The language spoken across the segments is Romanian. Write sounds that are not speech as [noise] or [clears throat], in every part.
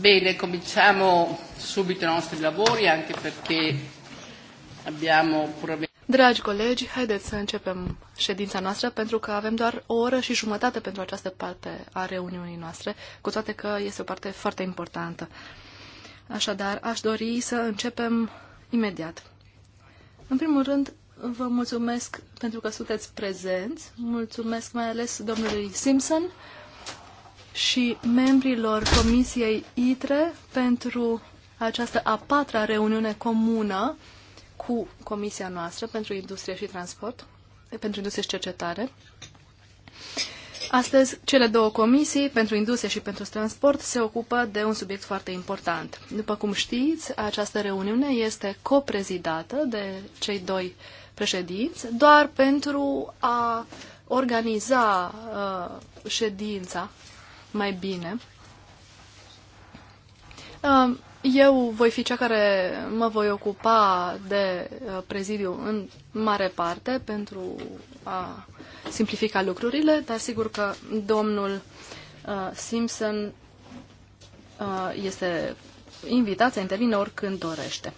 Bene, cominciamo subito i nostri lavori anche perché abbiamo problemi. Dragi colegi, haideți să începem ședința noastră pentru că avem doar o oră și jumătate pentru această parte a reuniunii noastre, cu toate că este o parte foarte importantă. Așadar, aș dori să începem imediat. În primul rând, vă mulțumesc pentru că sunteți prezenți, mulțumesc mai ales domnului Simpson, și membrilor Comisiei ITRE pentru această a patra reuniune comună cu Comisia noastră pentru Industrie și Transport, pentru Industrie și Cercetare. Astăzi, cele două comisii, pentru industrie și pentru transport, se ocupă de un subiect foarte important. După cum știți, această reuniune este coprezidată de cei doi președinți, doar pentru a organiza uh, ședința mai bine. Eu voi fi cea care mă voi ocupa de uh, prezidiu în mare parte pentru a simplifica lucrurile, dar sigur că domnul uh, Simpson uh, este invitat să intervine oricând dorește.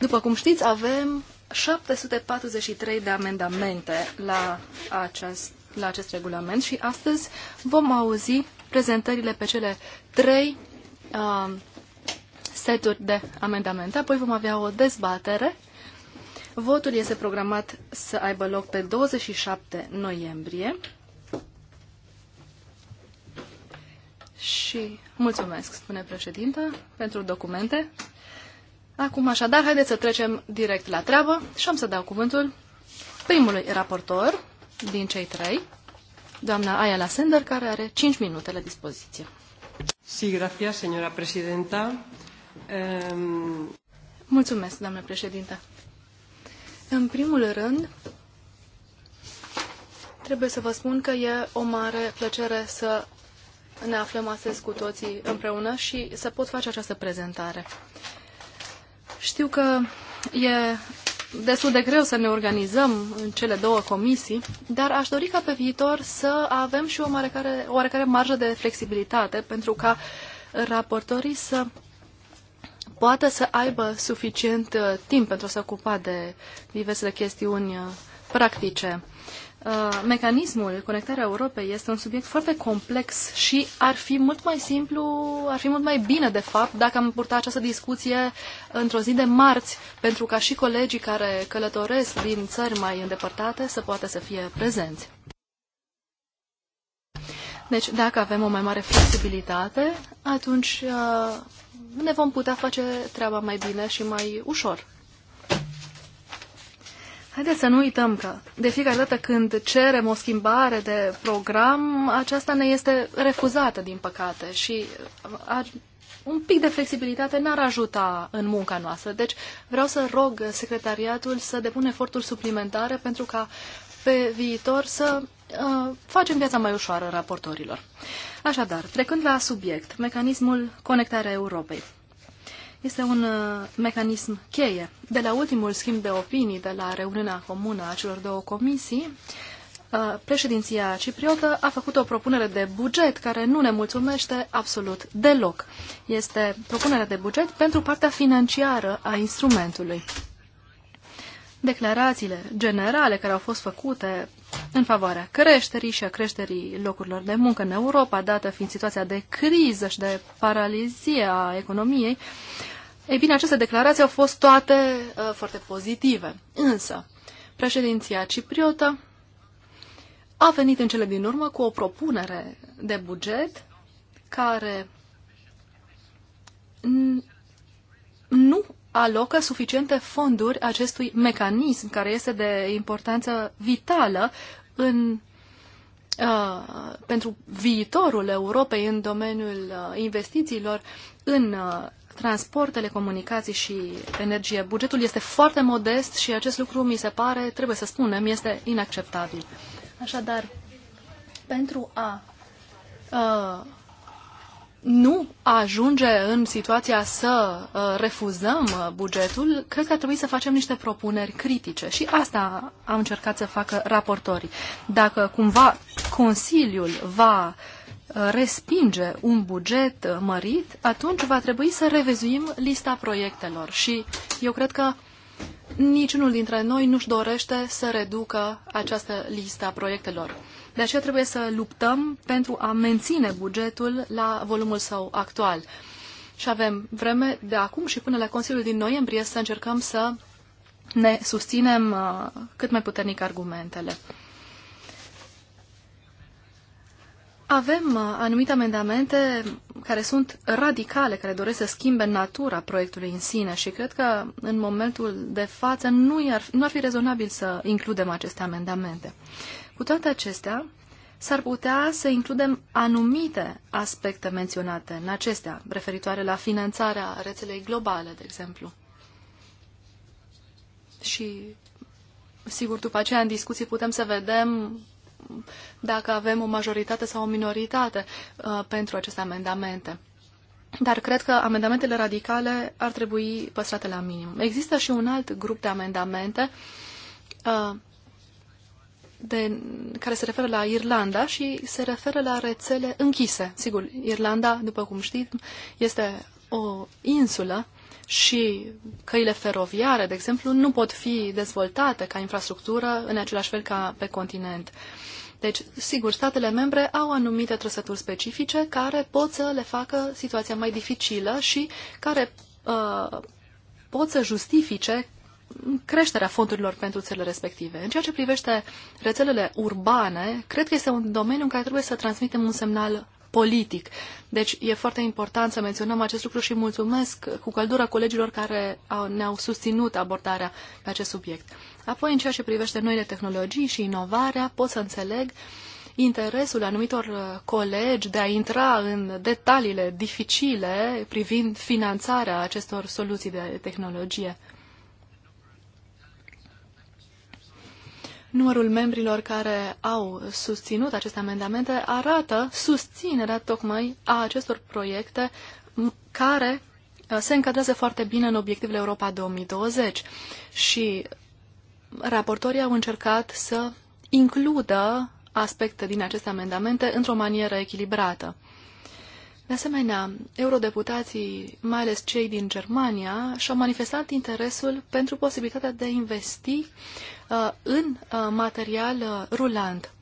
După cum știți, avem 743 de amendamente la acest, la acest regulament și astăzi vom auzi prezentările pe cele trei uh, seturi de amendamente. Apoi vom avea o dezbatere. Votul este programat să aibă loc pe 27 noiembrie. Și mulțumesc, spune președinta, pentru documente. Acum așadar, haideți să trecem direct la treabă și am să dau cuvântul primului raportor din cei trei, doamna Ayala Sender, care are 5 minute la dispoziție. Sí, gracias, señora presidenta. Um... Mulțumesc, doamnă președinte. În primul rând, trebuie să vă spun că e o mare plăcere să ne aflăm astăzi cu toții împreună și să pot face această prezentare. Știu că e destul de greu să ne organizăm în cele două comisii, dar aș dori ca pe viitor să avem și o oarecare, oarecare marjă de flexibilitate pentru ca raportorii să poată să aibă suficient uh, timp pentru a se ocupa de diversele chestiuni uh, practice Uh, mecanismul Conectarea Europei este un subiect foarte complex și ar fi mult mai simplu, ar fi mult mai bine, de fapt, dacă am purta această discuție într-o zi de marți, pentru ca și colegii care călătoresc din țări mai îndepărtate să poată să fie prezenți. Deci, dacă avem o mai mare flexibilitate, atunci uh, ne vom putea face treaba mai bine și mai ușor. Haideți să nu uităm că de fiecare dată când cerem o schimbare de program, aceasta ne este refuzată, din păcate, și uh, ar, un pic de flexibilitate n-ar ajuta în munca noastră. Deci vreau să rog secretariatul să depună eforturi suplimentare pentru ca pe viitor să uh, facem viața mai ușoară raportorilor. Așadar, trecând la subiect, mecanismul conectarea Europei este un uh, mecanism cheie. De la ultimul schimb de opinii de la reuniunea comună a celor două comisii, uh, președinția cipriotă a făcut o propunere de buget care nu ne mulțumește absolut deloc. Este propunerea de buget pentru partea financiară a instrumentului. Declarațiile generale care au fost făcute în favoarea creșterii și a creșterii locurilor de muncă în Europa, dată fiind situația de criză și de paralizie a economiei, uh, ei bine, aceste declarații au fost toate uh, foarte pozitive. Însă, președinția cipriotă a venit în cele din urmă cu o propunere de buget care nu alocă suficiente fonduri acestui mecanism care este de importanță vitală în, uh, pentru viitorul Europei în domeniul uh, investițiilor în uh, Transportele, comunicații și energie. Bugetul este foarte modest și acest lucru mi se pare, trebuie să spunem, este inacceptabil. Așadar, pentru a uh, nu ajunge în situația să uh, refuzăm bugetul, cred că ar trebui să facem niște propuneri critice și asta am încercat să facă raportorii. Dacă cumva Consiliul va uh, Uh, respinge un buget mărit, atunci va trebui să revizuim lista proiectelor și eu cred că niciunul dintre noi nu-și dorește să reducă această lista proiectelor. De aceea trebuie să luptăm pentru a menține bugetul la volumul său actual. Și avem vreme de acum și până la Consiliul din noiembrie să încercăm să ne susținem uh, cât mai puternic argumentele. Avem uh, anumite amendamente care sunt radicale, care doresc să schimbe natura proiectului în sine și cred că în momentul de față nu ar, nu ar fi rezonabil să includem aceste amendamente. Cu toate acestea, s-ar putea să includem anumite aspecte menționate în acestea, referitoare la finanțarea rețelei globale, de exemplu. Și, sigur, după aceea, în discuții putem să vedem dacă avem o majoritate sau o minoritate uh, pentru aceste amendamente. Dar cred că amendamentele radicale ar trebui păstrate la minim. Există și un alt grup de amendamente uh, de, care se referă la Irlanda și se referă la rețele închise. Sigur, Irlanda, după cum știți, este o insulă și căile feroviare, de exemplu, nu pot fi dezvoltate ca infrastructură în același fel ca pe continent. Deci, sigur, statele membre au anumite trăsături specifice care pot să le facă situația mai dificilă și care uh, pot să justifice creșterea fondurilor pentru țările respective. În ceea ce privește rețelele urbane, cred că este un domeniu în care trebuie să transmitem un semnal politic. Deci e foarte important să menționăm acest lucru și mulțumesc cu căldură colegilor care au, ne-au susținut abordarea pe acest subiect. Apoi, în ceea ce privește noile tehnologii și inovarea, pot să înțeleg interesul anumitor uh, colegi de a intra în detaliile dificile privind finanțarea acestor soluții de tehnologie. Numărul membrilor care au susținut aceste amendamente arată susținerea tocmai a acestor proiecte care uh, se încadrează foarte bine în obiectivele Europa 2020 și raportorii au încercat să includă aspecte din aceste amendamente într-o manieră echilibrată. De asemenea, eurodeputații, mai ales cei din Germania, și-au manifestat interesul pentru posibilitatea de a investi uh, în uh, material uh, rulant.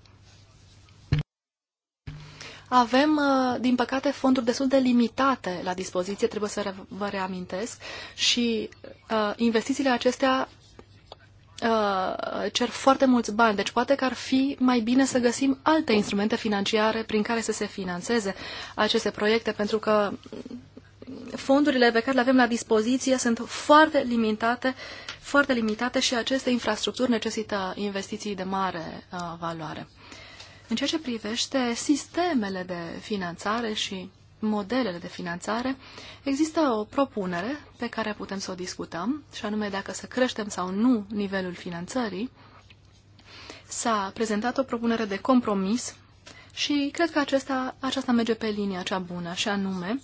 Avem, uh, din păcate, fonduri destul de limitate la dispoziție, trebuie să vă reamintesc, și uh, investițiile acestea Uh, cer foarte mulți bani, deci poate că ar fi mai bine să găsim alte instrumente financiare prin care să se financeze aceste proiecte, pentru că fondurile pe care le avem la dispoziție sunt foarte limitate, foarte limitate și aceste infrastructuri necesită investiții de mare uh, valoare. În ceea ce privește sistemele de finanțare și modelele de finanțare, există o propunere pe care putem să o discutăm, și anume dacă să creștem sau nu nivelul finanțării. S-a prezentat o propunere de compromis și cred că acesta, aceasta merge pe linia cea bună, și anume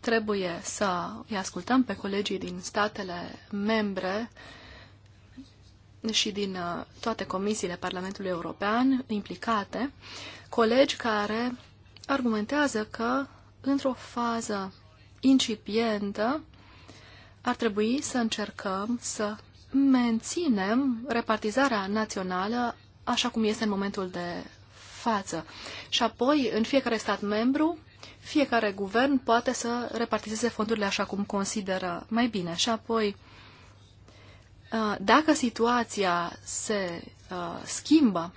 trebuie să îi ascultăm pe colegii din statele membre și din uh, toate comisiile Parlamentului European implicate, colegi care argumentează că într-o fază incipientă, ar trebui să încercăm să menținem repartizarea națională așa cum este în momentul de față. Și apoi, în fiecare stat membru, fiecare guvern poate să repartizeze fondurile așa cum consideră mai bine. Și apoi, uh, dacă situația se uh, schimbă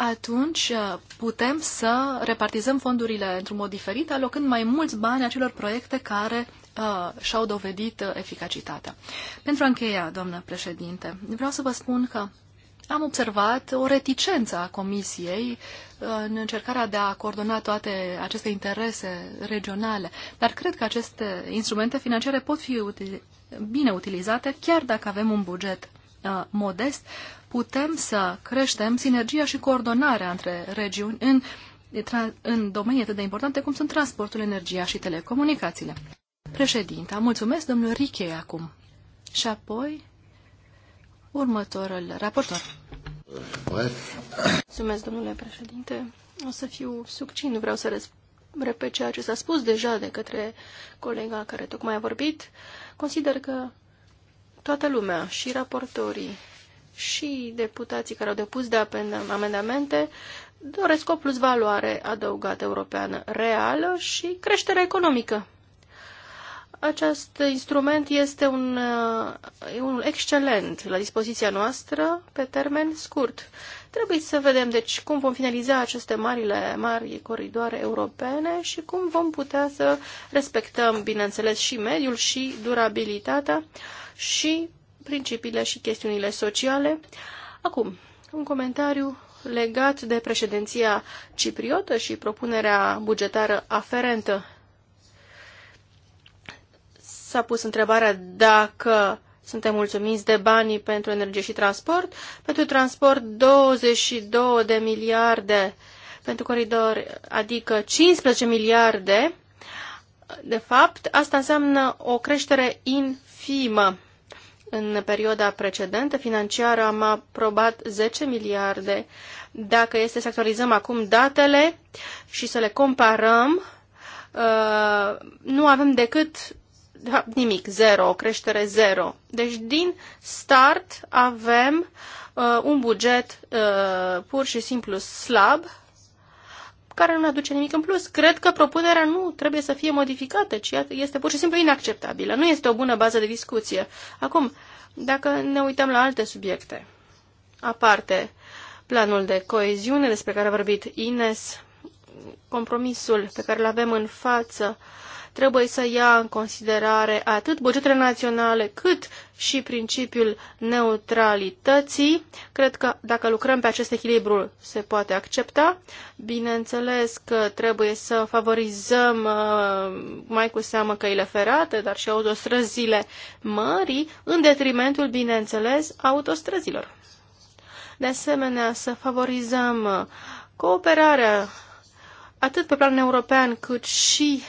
atunci uh, putem să repartizăm fondurile într-un mod diferit, alocând mai mulți bani acelor proiecte care uh, și-au dovedit uh, eficacitatea. Pentru a încheia, doamnă președinte, vreau să vă spun că am observat o reticență a Comisiei uh, în încercarea de a coordona toate aceste interese regionale, dar cred că aceste instrumente financiare pot fi util bine utilizate, chiar dacă avem un buget uh, modest, putem să creștem sinergia și coordonarea între regiuni în, în domenii atât de importante cum sunt transportul, energia și telecomunicațiile. Președinta, mulțumesc domnul Riche acum. Și apoi următorul raportor. Mulțumesc, domnule președinte. O să fiu succint, vreau să repet ceea ce s-a spus deja de către colega care tocmai a vorbit. Consider că toată lumea, și raportorii, și deputații care au depus de amendamente doresc o plusvaloare adăugată europeană reală și creștere economică. Acest instrument este un, uh, un excelent la dispoziția noastră pe termen scurt. Trebuie să vedem, deci, cum vom finaliza aceste marile, mari coridoare europene și cum vom putea să respectăm, bineînțeles, și mediul și durabilitatea și principiile și chestiunile sociale. Acum, un comentariu legat de președinția cipriotă și propunerea bugetară aferentă. S-a pus întrebarea dacă suntem mulțumiți de banii pentru energie și transport. Pentru transport 22 de miliarde, pentru coridor adică 15 miliarde. De fapt, asta înseamnă o creștere infimă. În perioada precedentă financiară am aprobat 10 miliarde. Dacă este să actualizăm acum datele și să le comparăm, uh, nu avem decât nimic, zero, o creștere zero. Deci din start avem uh, un buget uh, pur și simplu slab care nu aduce nimic în plus. Cred că propunerea nu trebuie să fie modificată, ci este pur și simplu inacceptabilă. Nu este o bună bază de discuție. Acum, dacă ne uităm la alte subiecte, aparte planul de coeziune despre care a vorbit Ines, compromisul pe care îl avem în față, uh, trebuie să ia în considerare atât bugetele naționale cât și principiul neutralității. Cred că dacă lucrăm pe acest echilibru se poate accepta. Bineînțeles că trebuie să favorizăm uh, mai cu seamă căile ferate, dar și autostrăzile mării, în detrimentul, bineînțeles, autostrăzilor. De asemenea, să favorizăm uh, cooperarea atât pe plan european cât și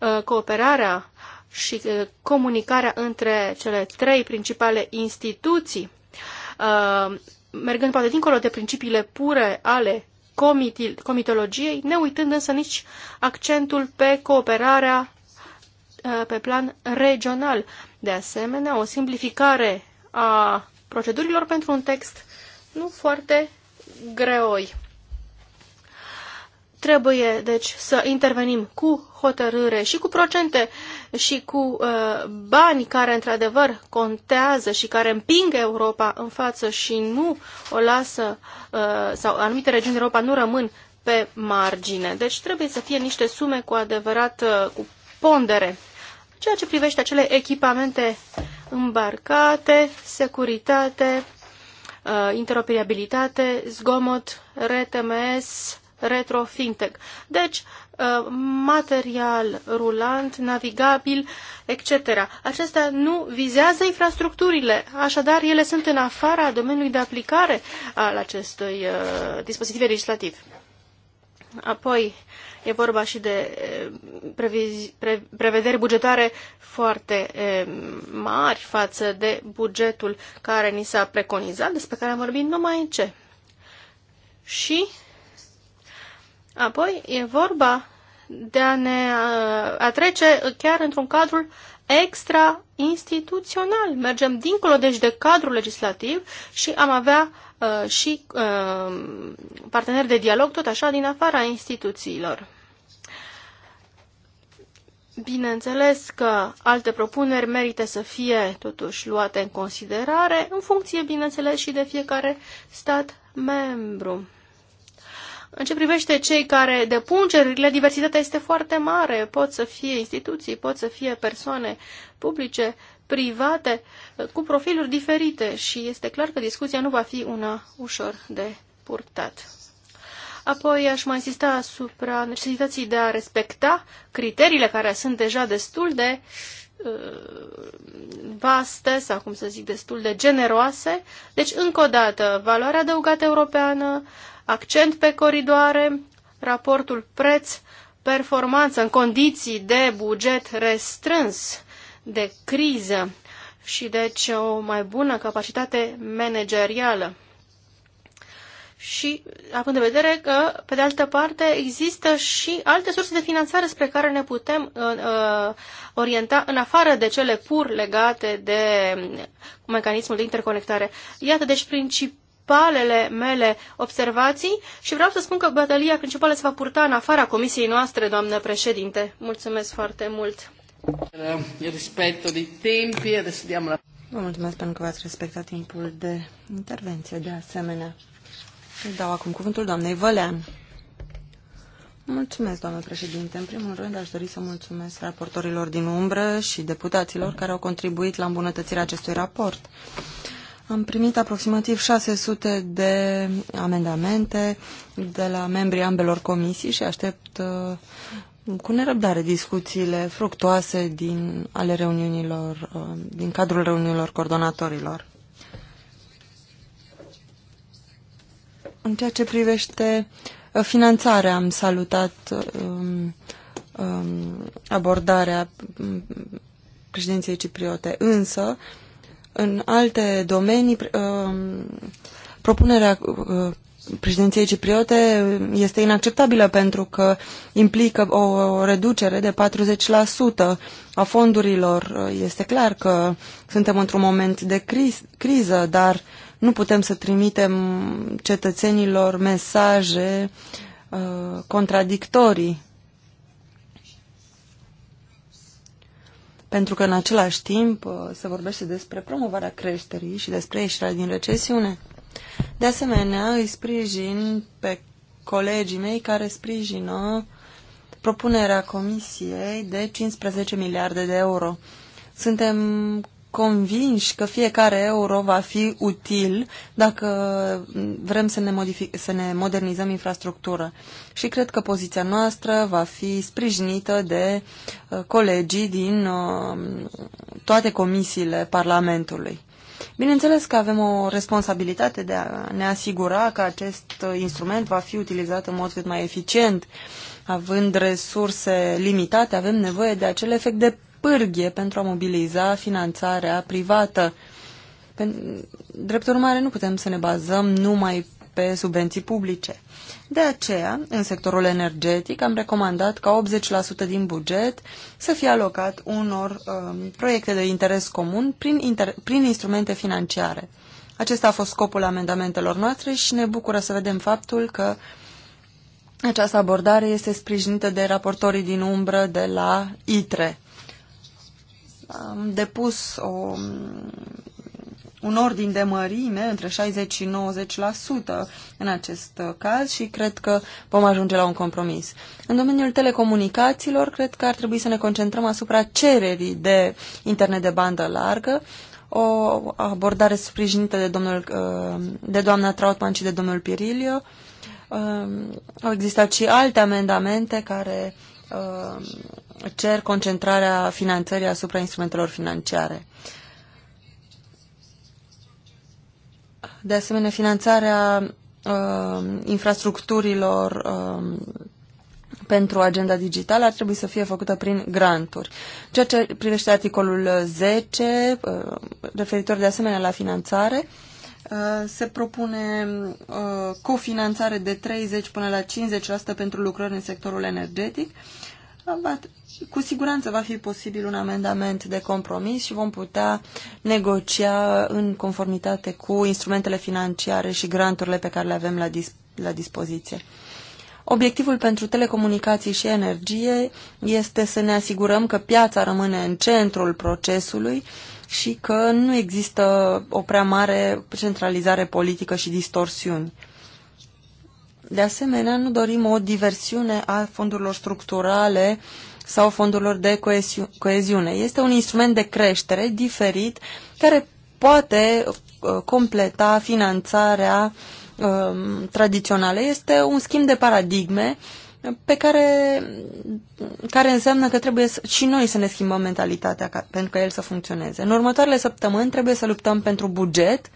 Uh, cooperarea și uh, comunicarea între cele trei principale instituții, uh, mergând poate dincolo de principiile pure ale comitologiei, ne uitând însă nici accentul pe cooperarea pe plan regional. De asemenea, o simplificare a procedurilor pentru un text nu foarte greoi. Trebuie, deci, să intervenim cu hotărâre și cu procente și cu uh, bani care, într-adevăr, contează și care împing Europa în față și nu o lasă, uh, sau anumite regiuni Europa nu rămân pe margine. Deci trebuie să fie niște sume cu adevărat uh, cu pondere. Ceea ce privește acele echipamente îmbarcate, securitate, uh, interoperabilitate, zgomot, RTMS, retro fintech. Deci, uh, material rulant, navigabil, etc. Acestea nu vizează infrastructurile, așadar ele sunt în afara domeniului de aplicare al acestui uh, dispozitiv legislativ. Apoi, e vorba și de uh, prevederi bugetare foarte mari față de bugetul care ni s-a preconizat, despre care am vorbit numai în ce. Și Apoi e vorba de a ne trece chiar într-un cadru extra-instituțional. Mergem dincolo, deci, de cadrul legislativ și am avea uh, și uh, parteneri de dialog, tot așa, din afara instituțiilor. Bineînțeles că alte propuneri merită să fie totuși luate în considerare, în funcție, bineînțeles, și de fiecare stat membru. În ce privește cei care depun cererile, diversitatea este foarte mare. Pot să fie instituții, pot să fie persoane publice, private, cu profiluri diferite și este clar că discuția nu va fi una ușor de purtat. Apoi aș mai insista asupra necesității de a respecta criteriile care sunt deja destul de uh, vaste sau, cum să zic, destul de generoase. Deci, încă o dată, valoarea adăugată europeană, accent pe coridoare, raportul preț-performanță în condiții de buget restrâns, de criză și deci o mai bună capacitate managerială. Și având în vedere că, pe de altă parte, există și alte surse de finanțare spre care ne putem uh, uh orienta în afară de cele pur legate de mecanismul de interconectare. Iată, deci, principiul principalele mele observații și vreau să spun că bătălia principală se va purta în afara comisiei noastre, doamnă președinte. Mulțumesc foarte mult! Eh, Respectul de Vă mulțumesc pentru că v-ați respectat timpul de intervenție de asemenea. Îi dau acum cuvântul doamnei Vălean. Mulțumesc, doamnă președinte. În primul rând, aș dori să mulțumesc raportorilor din umbră și deputaților care au contribuit la îmbunătățirea acestui raport. Am primit aproximativ 600 de amendamente de la membrii ambelor comisii și aștept uh, cu nerăbdare discuțiile fructoase din, ale reuniunilor, uh, din cadrul reuniunilor coordonatorilor. În ceea ce privește uh, finanțarea, am salutat um, um, abordarea mm, președinției cipriote, însă uh, în alte domenii, um, propunerea uh, președinției cipriote este inacceptabilă pentru că implică o reducere de 40% a fondurilor. Uh, este clar că suntem într-un moment de criză, dar nu putem să trimitem cetățenilor mesaje uh, contradictorii. pentru că în același timp uh, se vorbește despre promovarea creșterii și despre ieșirea din recesiune. De asemenea, îi sprijin pe colegii mei care sprijină propunerea Comisiei de 15 miliarde de euro. Suntem convinși că fiecare euro va fi util dacă vrem să ne, să ne modernizăm infrastructura. Și cred că poziția noastră va fi sprijinită de uh, colegii din uh, toate comisiile Parlamentului. Bineînțeles că avem o responsabilitate de a ne asigura că acest uh, instrument va fi utilizat în mod cât mai eficient. Având resurse limitate, avem nevoie de acel efect de pârghie pentru a mobiliza finanțarea privată. Drept urmare, nu putem să ne bazăm numai pe subvenții publice. De aceea, în sectorul energetic, am recomandat ca 80% din buget să fie alocat unor um, proiecte de interes comun prin, inter- prin instrumente financiare. Acesta a fost scopul amendamentelor noastre și ne bucură să vedem faptul că această abordare este sprijinită de raportorii din umbră de la ITRE am depus o, un ordin de mărime între 60 și 90% în acest caz și cred că vom ajunge la un compromis. În domeniul telecomunicațiilor, cred că ar trebui să ne concentrăm asupra cererii de internet de bandă largă, o abordare sprijinită de, domnul, de doamna Trautman și de domnul Pirilio. Au existat și alte amendamente care cer concentrarea finanțării asupra instrumentelor financiare. De asemenea, finanțarea uh, infrastructurilor uh, pentru agenda digitală ar trebui să fie făcută prin granturi. Ceea ce privește articolul 10, uh, referitor de asemenea la finanțare, uh, se propune uh, cofinanțare de 30 până la 50% pentru lucrări în sectorul energetic da, va, cu siguranță va fi posibil un amendament de compromis și vom putea negocia în conformitate cu instrumentele financiare și granturile pe care le avem la, disp la dispoziție. Obiectivul pentru telecomunicații și energie este să ne asigurăm că piața rămâne în centrul procesului și că nu există o prea mare centralizare politică și distorsiuni. De asemenea, nu dorim o diversiune a fondurilor structurale sau fondurilor de coeziune. Este un instrument de creștere diferit care poate uh, completa finanțarea um, tradițională. Este un schimb de paradigme pe care, care înseamnă că trebuie să, și noi să ne schimbăm mentalitatea ca, pentru ca el să funcționeze. În următoarele săptămâni trebuie să luptăm pentru buget,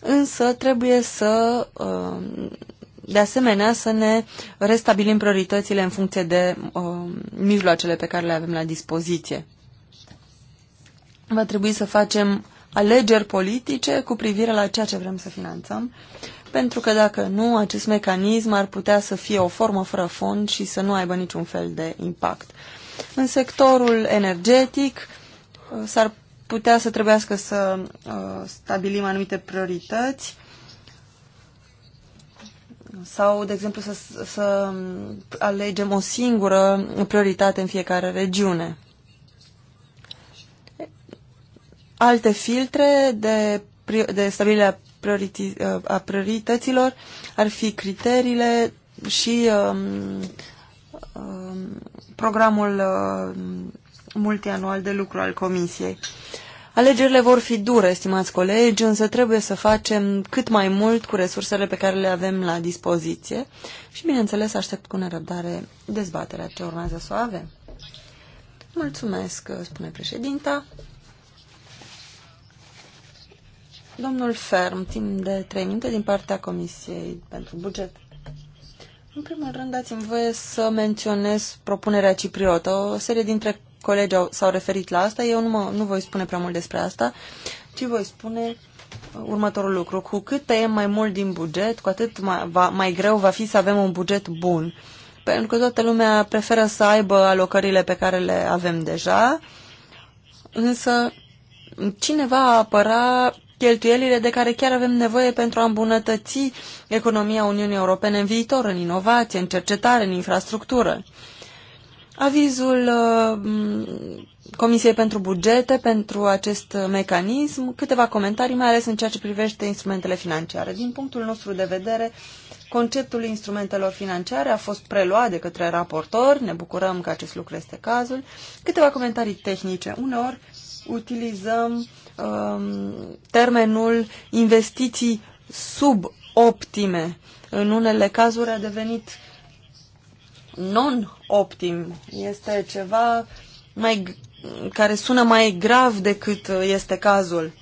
însă trebuie să uh, de asemenea, să ne restabilim prioritățile în funcție de uh, mijloacele pe care le avem la dispoziție. Va trebui să facem alegeri politice cu privire la ceea ce vrem să finanțăm, pentru că dacă nu, acest mecanism ar putea să fie o formă fără fond și să nu aibă niciun fel de impact. În sectorul energetic uh, s-ar putea să trebuiască să uh, stabilim anumite priorități sau, de exemplu, să, să alegem o singură prioritate în fiecare regiune. Alte filtre de, de stabilirea a priorităților ar fi criteriile și um, um, programul uh, multianual de lucru al Comisiei. Alegerile vor fi dure, stimați colegi, însă trebuie să facem cât mai mult cu resursele pe care le avem la dispoziție și, bineînțeles, aștept cu nerăbdare dezbaterea ce urmează să o avem. Mulțumesc, spune președinta. Domnul Ferm, timp de 3 minute din partea Comisiei pentru Buget. În primul rând, dați-mi voie să menționez propunerea cipriotă. O serie dintre colegi s-au referit la asta, eu nu, mă, nu voi spune prea mult despre asta, ci voi spune uh, următorul lucru. Cu cât tăiem mai mult din buget, cu atât mai, va, mai greu va fi să avem un buget bun. Pentru că toată lumea preferă să aibă alocările pe care le avem deja, însă cine va apăra cheltuielile de care chiar avem nevoie pentru a îmbunătăți economia Uniunii Europene în viitor, în inovație, în cercetare, în infrastructură avizul uh, Comisiei pentru Bugete pentru acest mecanism, câteva comentarii, mai ales în ceea ce privește instrumentele financiare. Din punctul nostru de vedere, conceptul instrumentelor financiare a fost preluat de către raportor, ne bucurăm că acest lucru este cazul. Câteva comentarii tehnice. Uneori utilizăm um, termenul investiții suboptime. În unele cazuri a devenit uh, non-optim. Este ceva mai, care sună mai grav decât uh, este cazul.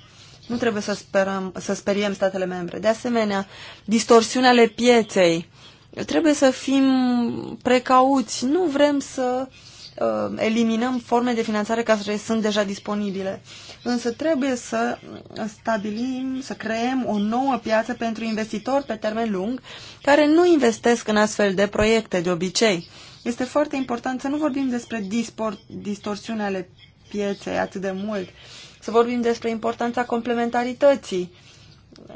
Nu trebuie să, sperăm, să speriem statele membre. De asemenea, distorsiunea ale pieței. Trebuie să fim precauți. Nu vrem să uh, uh, eliminăm forme de finanțare care sunt deja disponibile. Însă trebuie să stabilim, să creăm o nouă piață pentru investitori pe termen lung care nu investesc în astfel de proiecte de obicei. Este foarte important să nu vorbim despre distorsiunea ale pieței atât de mult, să vorbim despre importanța complementarității.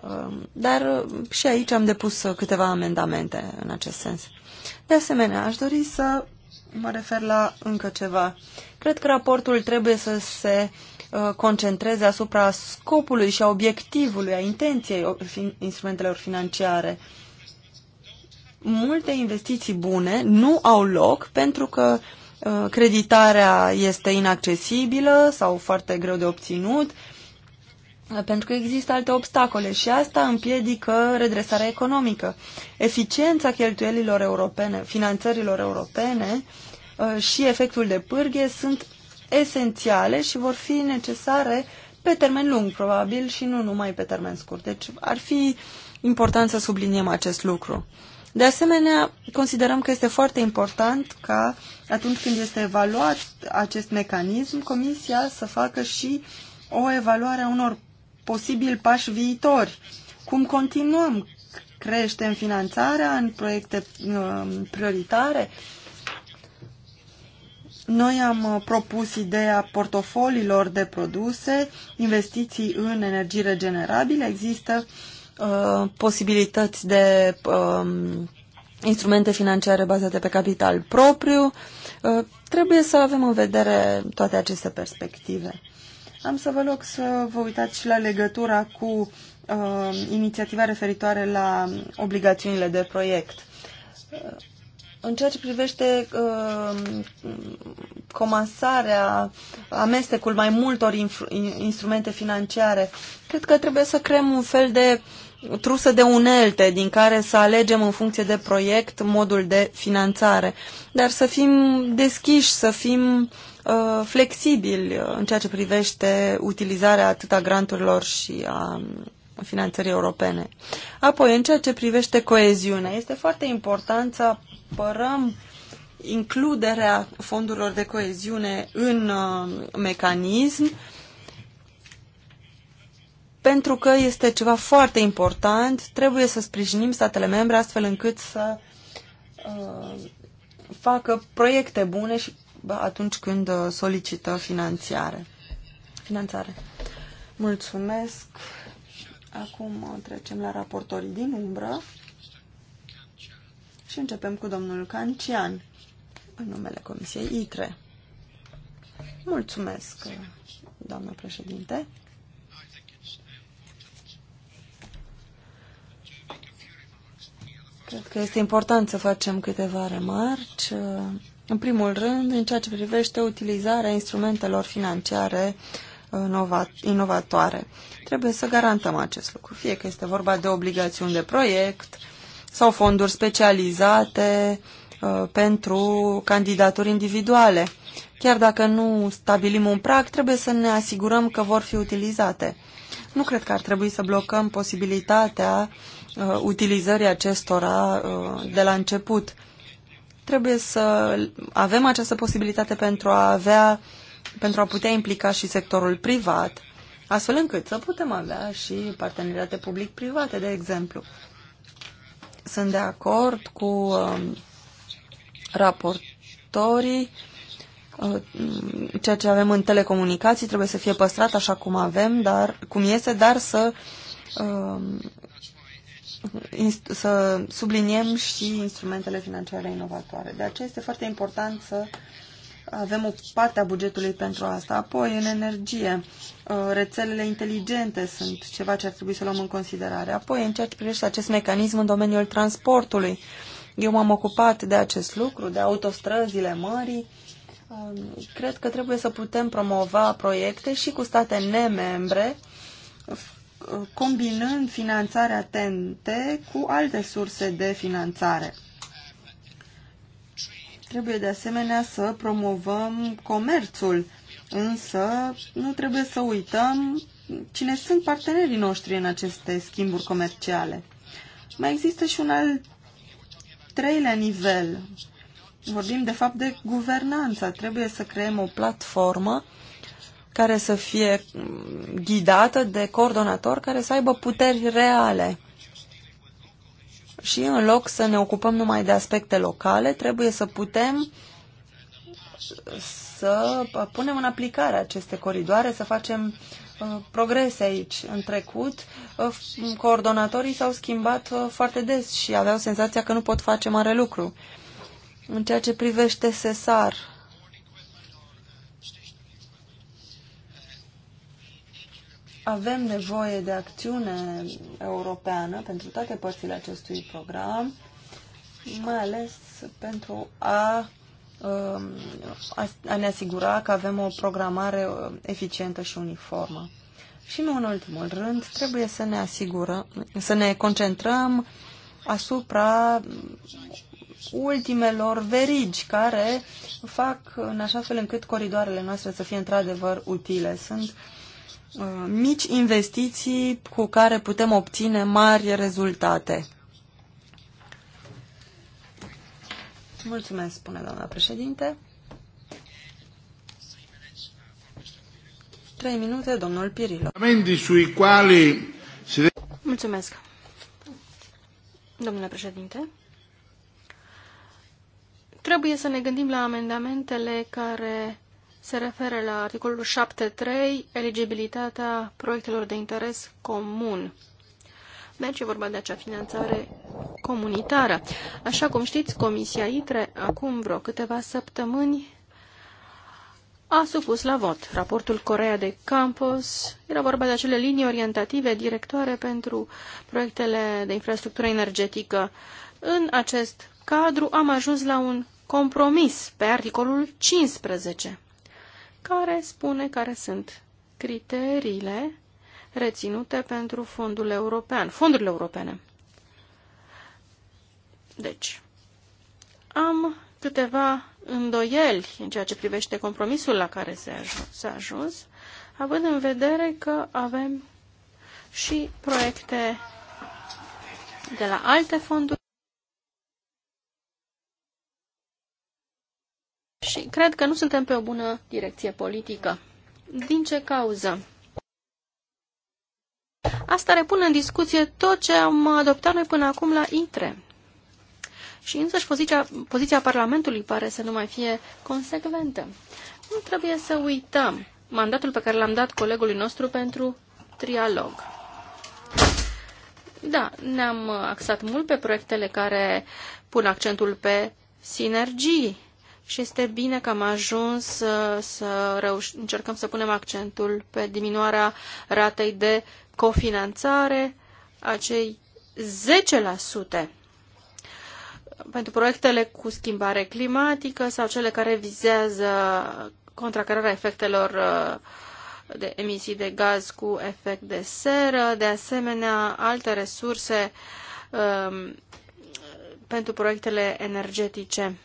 Um, dar uh, și aici am depus uh, câteva amendamente în acest sens. De asemenea, aș dori să mă refer la încă ceva. Cred că raportul trebuie să se uh, concentreze asupra scopului și a obiectivului, a intenției instrumentelor financiare. Multe investiții bune nu au loc pentru că uh, creditarea este inaccesibilă sau foarte greu de obținut, pentru că există alte obstacole și asta împiedică redresarea economică. Eficiența cheltuielilor europene, finanțărilor europene uh, și efectul de pârghie sunt esențiale și vor fi necesare pe termen lung, probabil, și nu numai pe termen scurt. Deci ar fi important să subliniem acest lucru. De asemenea, considerăm că este foarte important ca atunci când este evaluat acest mecanism, Comisia să facă și o evaluare a unor posibil pași viitori. Cum continuăm? Creștem finanțarea în proiecte uh, prioritare? Noi am uh, propus ideea portofoliilor de produse, investiții în energii regenerabile. Există uh, posibilități de uh, instrumente financiare bazate pe capital propriu. Uh, trebuie să avem în vedere toate aceste perspective. Am să vă rog să vă uitați și la legătura cu uh, inițiativa referitoare la obligațiunile de proiect. Uh, în ceea ce privește uh, comasarea, amestecul mai multor instrumente financiare, cred că trebuie să creăm un fel de trusă de unelte din care să alegem în funcție de proiect modul de finanțare, dar să fim deschiși, să fim uh, Uh, flexibili uh, în ceea ce privește utilizarea atât a granturilor și a um, finanțării europene. Apoi, în ceea ce privește coeziunea, este foarte important să apărăm includerea fondurilor de coeziune în uh, mecanism pentru că este ceva foarte important, trebuie să sprijinim statele membre astfel încât să uh, facă proiecte bune și atunci când uh, solicită finanțare. finanțare. Mulțumesc. Acum uh, trecem la raportorii din umbră și începem cu domnul Cancian în numele Comisiei ITRE. Mulțumesc, uh, doamnă președinte. Cred că este important să facem câteva remarci în primul rând, în ceea ce privește utilizarea instrumentelor financiare uh, inovatoare. Trebuie să garantăm acest lucru, fie că este vorba de obligațiuni de proiect sau fonduri specializate uh, pentru candidaturi individuale. Chiar dacă nu stabilim un prag, trebuie să ne asigurăm că vor fi utilizate. Nu cred că ar trebui să blocăm posibilitatea uh, utilizării acestora de la început Trebuie să avem această posibilitate pentru a avea, pentru a putea implica și sectorul privat, astfel încât să putem avea și parteneriate public-private, de exemplu. Sunt de acord cu um, raportorii uh, ceea ce avem în telecomunicații trebuie să fie păstrat așa cum avem, dar cum este, dar să um, să subliniem și instrumentele financiare inovatoare. De aceea este foarte important să avem o parte a bugetului pentru asta. Apoi, în energie, uh, rețelele inteligente sunt ceva ce ar trebui să luăm în considerare. Apoi, în ceea ce privește acest mecanism în domeniul transportului, eu m-am ocupat de acest lucru, de autostrăzile mării. Um, cred că trebuie să putem promova proiecte și cu state nemembre, combinând finanțarea TNT cu alte surse de finanțare. Trebuie de asemenea să promovăm comerțul, însă nu trebuie să uităm cine sunt partenerii noștri în aceste schimburi comerciale. Mai există și un al treilea nivel. Vorbim de fapt de guvernanță. Trebuie să creăm o platformă care să fie ghidată de coordonator care să aibă puteri reale. Și în loc să ne ocupăm numai de aspecte locale, trebuie să putem să punem în aplicare aceste coridoare, să facem uh, progrese aici. În trecut, uh, coordonatorii s-au schimbat uh, foarte des și aveau senzația că nu pot face mare lucru. În ceea ce privește SESAR, Avem nevoie de acțiune europeană pentru toate părțile acestui program, mai ales pentru a, um, a ne asigura că avem o programare uh, eficientă și uniformă. Și nu în ultimul rând, trebuie să ne asigurăm, să ne concentrăm asupra ultimelor verigi care fac în așa fel încât coridoarele noastre să fie într-adevăr utile. Sunt uh, Uh, mici investiții cu care putem obține mari rezultate. Mulțumesc, spune doamna președinte. Trei minute, domnul Pirilo. sui quali se... Mulțumesc, domnule președinte. Trebuie să ne gândim la amendamentele care se referă la articolul 7.3, eligibilitatea proiectelor de interes comun. Deci e vorba de acea finanțare comunitară. Așa cum știți, Comisia ITRE, acum vreo câteva săptămâni, a supus la vot raportul Corea de Campus. Era vorba de acele linii orientative directoare pentru proiectele de infrastructură energetică. În acest cadru am ajuns la un compromis pe articolul 15 care spune care sunt criteriile reținute pentru fondul european, fondurile europene. Deci, am câteva îndoieli în ceea ce privește compromisul la care s-a ajuns, având în vedere că avem și proiecte de la alte fonduri și cred că nu suntem pe o bună direcție politică. Din ce cauză? Asta repune în discuție tot ce am adoptat noi până acum la ITRE. Și însăși poziția, poziția Parlamentului pare să nu mai fie consecventă. Nu trebuie să uităm mandatul pe care l-am dat colegului nostru pentru trialog. Da, ne-am axat mult pe proiectele care pun accentul pe sinergii și este bine că am ajuns să, uh, să reuș- încercăm să punem accentul pe diminuarea ratei de cofinanțare, a cei 10% pentru proiectele cu schimbare climatică sau cele care vizează contracararea efectelor uh, de emisii de gaz cu efect de seră, de asemenea alte resurse um, pentru proiectele energetice.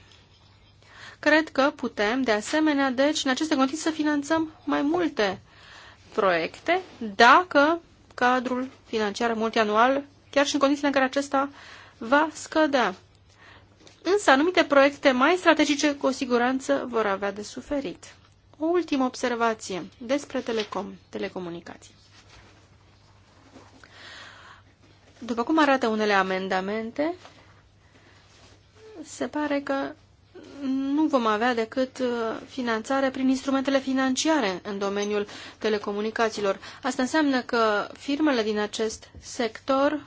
Cred că putem, de asemenea, deci, în aceste condiții să finanțăm mai multe proiecte, dacă cadrul financiar multianual, chiar și în condițiile în care acesta va scădea. Însă anumite proiecte mai strategice cu o siguranță vor avea de suferit. O ultimă observație despre telecom, telecomunicații. După cum arată unele amendamente, se pare că nu vom avea decât uh, finanțare prin instrumentele financiare în domeniul telecomunicațiilor. Asta înseamnă că firmele din acest sector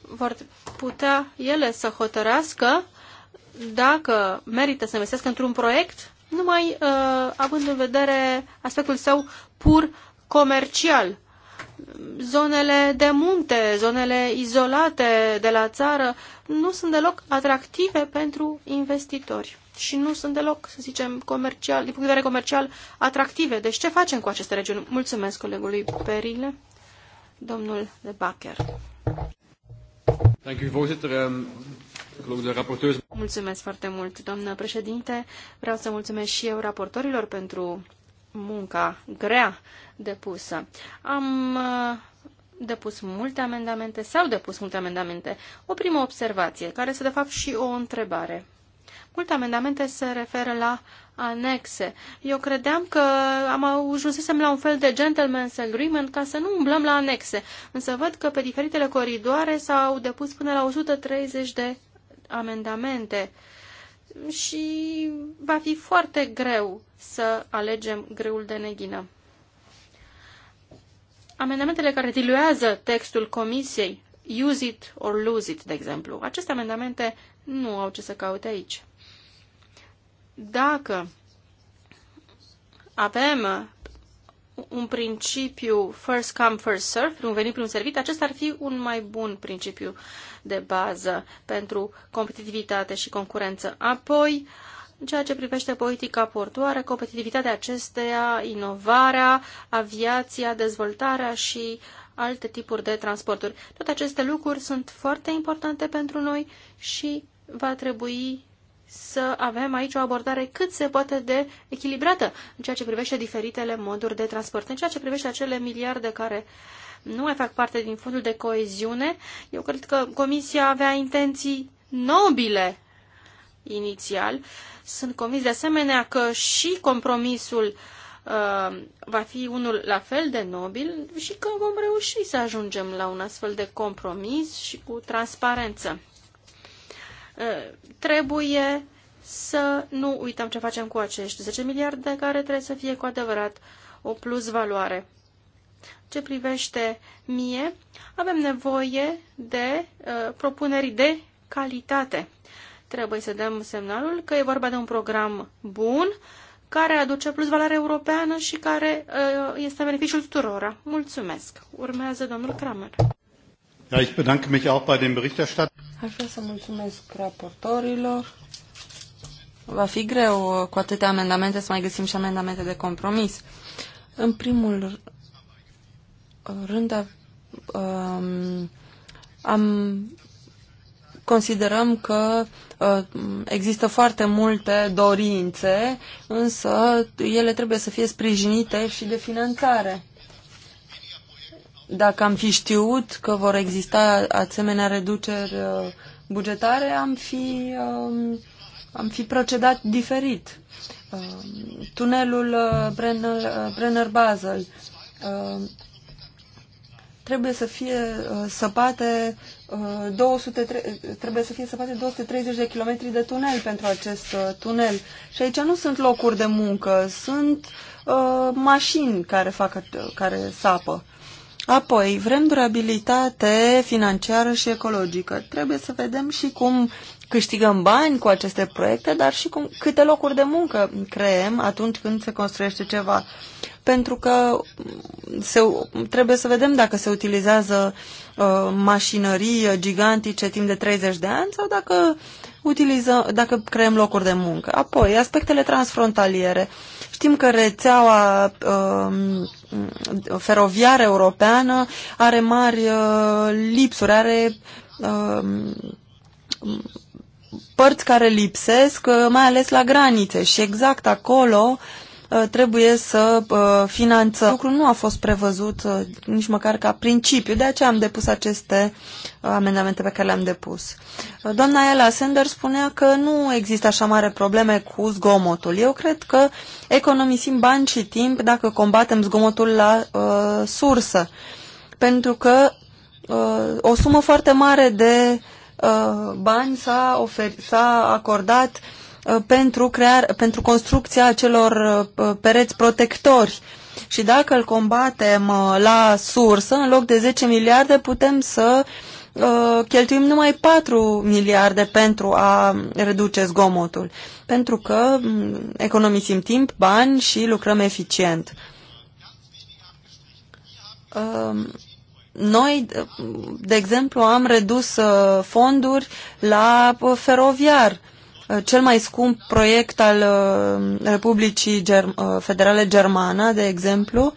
vor putea ele să hotărască dacă merită să investească într-un proiect, numai uh, având în vedere aspectul său pur comercial zonele de munte, zonele izolate de la țară, nu sunt deloc atractive pentru investitori și nu sunt deloc, să zicem, comercial, din punct de vedere comercial, atractive. Deci ce facem cu aceste regiuni? Mulțumesc colegului Perile, domnul de Bacher. Ehm, mulțumesc foarte mult, domnule președinte. Vreau să mulțumesc și eu raportorilor pentru munca grea depusă. Am uh, depus multe amendamente, s-au depus multe amendamente. O primă observație, care este de fapt și o întrebare. Multe amendamente se referă la anexe. Eu credeam că am ajunsesem la un fel de gentleman's agreement ca să nu umblăm la anexe, însă văd că pe diferitele coridoare s-au depus până la 130 de amendamente. Uh, și va fi foarte greu să alegem greul de neghină. Amendamentele care diluează textul comisiei, use it or lose it, de exemplu, aceste amendamente nu au ce să caute aici. Dacă avem un principiu first come, first serve, primul venit, primul servit, acesta ar fi un mai bun principiu de bază pentru competitivitate și concurență. Apoi, în ceea ce privește politica portoare, competitivitatea acesteia, inovarea, aviația, dezvoltarea și alte tipuri de transporturi. Toate aceste lucruri sunt foarte importante pentru noi și va trebui să avem aici o abordare cât se poate de echilibrată în ceea ce privește diferitele moduri de transport. În ceea ce privește acele miliarde care nu mai fac parte din fondul de coeziune, eu cred că Comisia avea intenții nobile inițial. Sunt convins de asemenea că și compromisul uh, va fi unul la fel de nobil și că vom reuși să ajungem la un astfel de compromis și cu transparență. Eh, trebuie să nu uităm ce facem cu acești 10 miliarde care trebuie să fie cu adevărat o plus valoare. Ce privește mie, avem nevoie de uh, propuneri de calitate. Trebuie să dăm semnalul că e vorba de un program bun care aduce plus valoare europeană și care uh, este în beneficiul tuturora. Mulțumesc. Urmează domnul Kramer ich bedanke mich auch bei dem Berichterstatter. Aș vrea să mulțumesc raportorilor. Va fi greu cu atâtea amendamente să mai găsim și amendamente de compromis. În primul rând um, am, considerăm că um, există foarte multe dorințe, însă ele trebuie să fie sprijinite și de finanțare. Dacă am fi știut că vor exista asemenea reduceri uh, bugetare, am fi, um, am fi procedat diferit. Um, tunelul uh, Brenner-Basel uh, um, trebuie să fie săpate 200, trebuie să fie săpate 230 de kilometri de tunel pentru acest tunel. Și aici nu sunt locuri de muncă, sunt uh, mașini care, fac, care sapă. Apoi, vrem durabilitate financiară și ecologică. Trebuie să vedem și cum câștigăm bani cu aceste proiecte, dar și cum, câte locuri de muncă creăm atunci când se construiește ceva. Pentru că se, trebuie să vedem dacă se utilizează uh, mașinării gigantice timp de 30 de ani sau dacă, utilizăm, dacă creăm locuri de muncă. Apoi, aspectele transfrontaliere. Uh, Știm că rețeaua uh, feroviară europeană are mari uh, lipsuri, are uh, părți care lipsesc, uh, mai ales la granițe și exact acolo uh, Uh, trebuie să uh, finanțăm. lucrul nu a fost prevăzut uh, nici măcar ca principiu, de aceea am depus aceste amendamente pe care le-am depus. Doamna Ella Sender spunea că nu există așa mare probleme cu zgomotul. Eu cred că economisim bani și timp dacă combatem zgomotul la uh, sursă, pentru că uh, o sumă foarte mare de uh, bani s-a, s-a acordat uh, Uh, pentru, crear, pentru construcția acelor uh, pereți protectori. Și dacă îl combatem uh, la sursă, în loc de 10 miliarde, putem să cheltuim numai 4 miliarde pentru a reduce zgomotul, pentru că mm, economisim timp, bani și lucrăm eficient. Um, noi, de exemplu, am redus fonduri la feroviar Uh, cel mai scump proiect al uh, Republicii Germ uh, Federale Germana, de exemplu,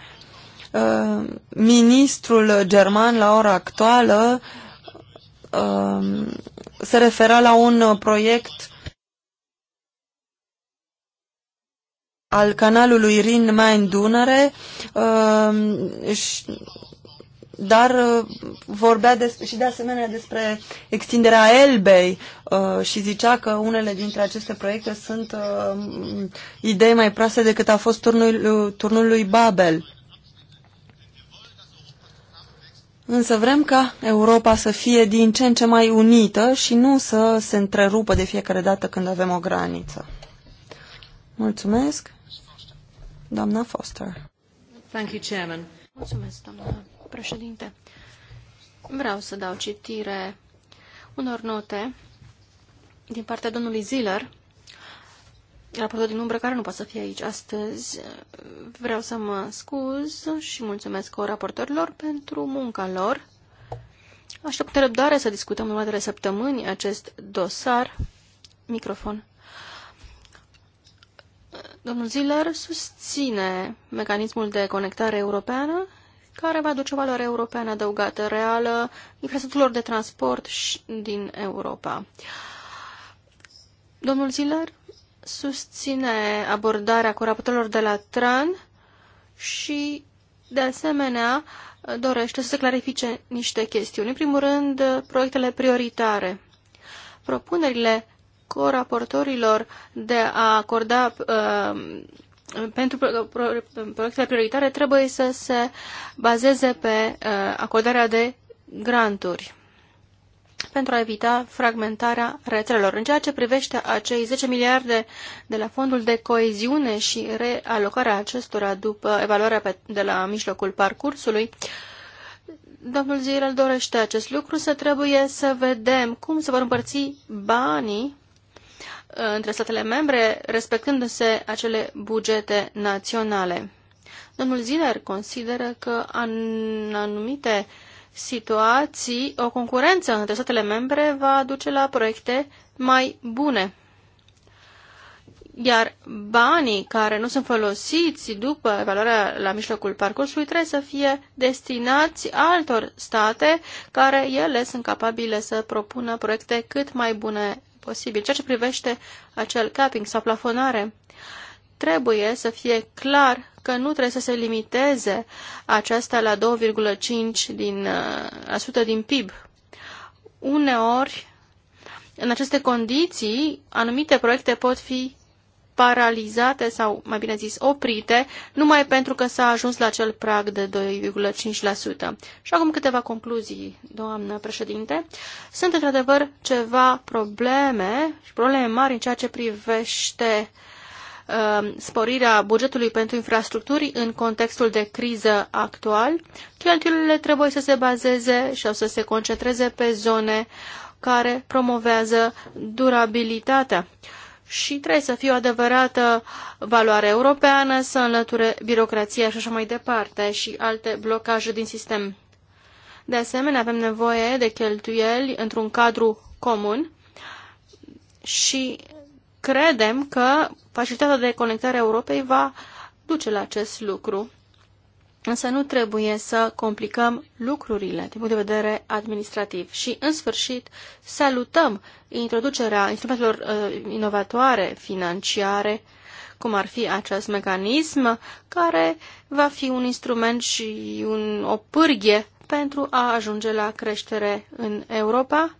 ministrul german la ora actuală se refera la un proiect al canalului Rin-Main-Dunăre dar uh, vorbea des, și de asemenea despre extinderea Elbei uh, și zicea că unele dintre aceste proiecte sunt uh, idei mai proaste decât a fost turnul, turnul lui Babel. Însă vrem ca Europa să fie din ce în ce mai unită și nu să se întrerupă de fiecare dată când avem o graniță. Mulțumesc, doamna Foster. Thank you, Chairman. Mulțumesc, doamna președinte. Vreau să dau citire unor note din partea domnului Ziller, raportul din umbră care nu poate să fie aici astăzi. Vreau să mă scuz și mulțumesc raportorilor pentru munca lor. Aștept răbdare să discutăm în următoarele săptămâni acest dosar. Microfon. Domnul Ziller susține mecanismul de conectare europeană care va aduce valoare europeană adăugată reală infrastructurilor de transport din Europa. Domnul Ziller susține abordarea coraportelor de la TRAN și, de asemenea, dorește să se clarifice niște chestiuni. În primul rând, proiectele prioritare. Propunerile coraportorilor de a acorda uh, pentru proiectele prioritare trebuie să se bazeze pe uh, acordarea de granturi pentru a evita fragmentarea rețelelor. În ceea ce privește acei 10 miliarde de la fondul de coeziune și realocarea acestora după evaluarea pe, de la mijlocul parcursului, domnul Zirel dorește acest lucru, să trebuie să vedem cum se vor împărți banii Uh, între statele membre, respectându-se acele bugete naționale. Domnul Ziller consideră că în anumite situații o concurență între statele membre va duce la proiecte mai bune. Iar banii care nu sunt folosiți după evaluarea la mijlocul parcursului trebuie să fie destinați altor state care ele sunt capabile să propună proiecte cât mai bune posibil. Ceea ce privește acel capping sau plafonare, trebuie să fie clar că nu trebuie să se limiteze aceasta la 2,5% din, uh, din PIB. Uneori, în aceste condiții, anumite proiecte pot fi paralizate sau, mai bine zis, oprite, numai pentru că s-a ajuns la acel prag de 2,5%. Și acum câteva concluzii, doamnă președinte. Sunt într-adevăr ceva probleme și probleme mari în ceea ce privește uh, sporirea bugetului pentru infrastructuri în contextul de criză actual. Cheltuielile trebuie să se bazeze și să se concentreze pe zone care promovează durabilitatea. Uh, și trebuie să fie o adevărată valoare europeană, să înlăture birocrația și așa mai departe și alte blocaje din sistem. De asemenea, avem nevoie de cheltuieli într-un cadru comun și credem că facilitatea de conectare a Europei va duce la acest lucru. Însă nu trebuie să complicăm lucrurile din punct de vedere administrativ. Și, în sfârșit, salutăm introducerea instrumentelor uh, inovatoare financiare, cum ar fi acest mecanism, care va fi un instrument și un, o pârghie pentru a ajunge la creștere în Europa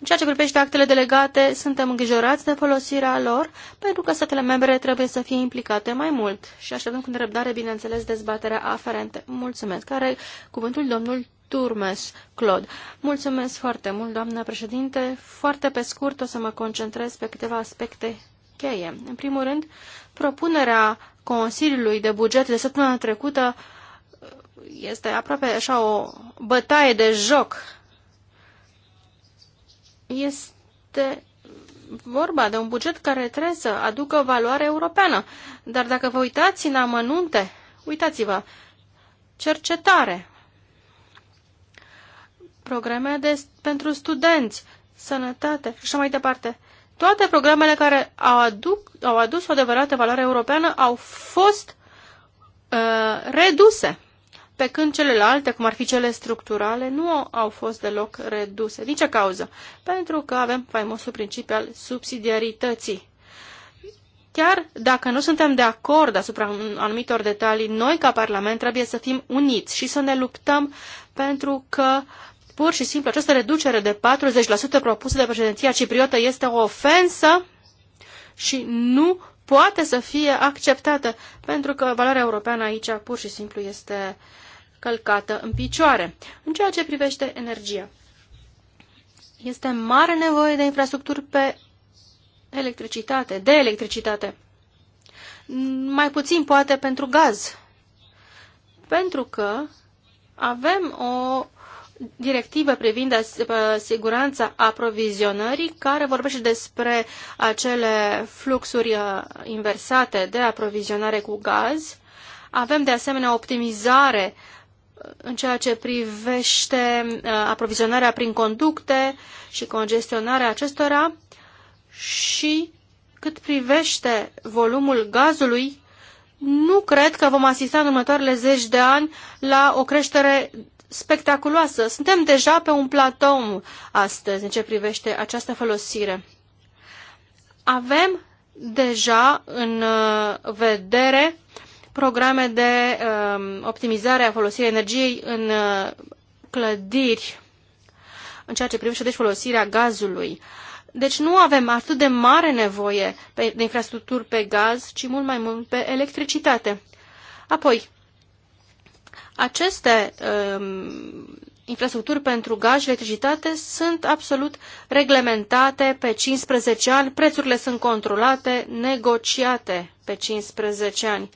în ceea ce privește actele delegate, suntem îngrijorați de folosirea lor, pentru că statele membre trebuie să fie implicate mai mult și așteptăm cu nerăbdare, bineînțeles, dezbaterea aferentă. Mulțumesc. Care cuvântul domnul Turmes, Claude. Mulțumesc foarte mult, doamna președinte. Foarte pe scurt o să mă concentrez pe câteva aspecte cheie. În primul rând, propunerea Consiliului de buget de săptămâna trecută este aproape așa o bătaie de joc este vorba de un buget care trebuie să aducă valoare europeană. Dar dacă vă uitați în amănunte, uitați-vă, cercetare, programe de, pentru studenți, sănătate și așa mai departe. Toate programele care au, aduc, au adus o adevărată valoare europeană au fost uh, reduse pe când celelalte, cum ar fi cele structurale, nu au fost deloc reduse. Din ce cauză? Pentru că avem faimosul principiu al subsidiarității. Chiar dacă nu suntem de acord asupra anumitor detalii, noi ca Parlament trebuie să fim uniți și să ne luptăm pentru că pur și simplu această reducere de 40% propusă de președinția cipriotă este o ofensă și nu poate să fie acceptată, pentru că valoarea europeană aici pur și simplu este uh, călcată în picioare. În ceea ce privește energia, este mare nevoie de infrastructuri pe electricitate, de electricitate. Mai puțin poate pentru gaz. Pentru că avem o directivă privind siguranța aprovizionării care vorbește despre acele fluxuri uh, inversate de aprovizionare cu gaz. Avem de asemenea optimizare uh, în ceea ce privește uh, aprovizionarea prin conducte și congestionarea acestora și cât privește volumul gazului, nu cred că vom asista în următoarele zeci de ani la o creștere spectaculoasă. Suntem deja pe un platou astăzi în ce privește această folosire. Avem deja în uh, vedere programe de um, optimizare a folosirii energiei în uh, clădiri, în ceea ce privește deci folosirea gazului. Deci nu avem atât de mare nevoie de infrastructuri pe gaz, ci mult mai mult pe electricitate. Apoi, aceste um, infrastructuri pentru gaz și electricitate sunt absolut reglementate pe 15 ani, prețurile sunt controlate, negociate pe 15 ani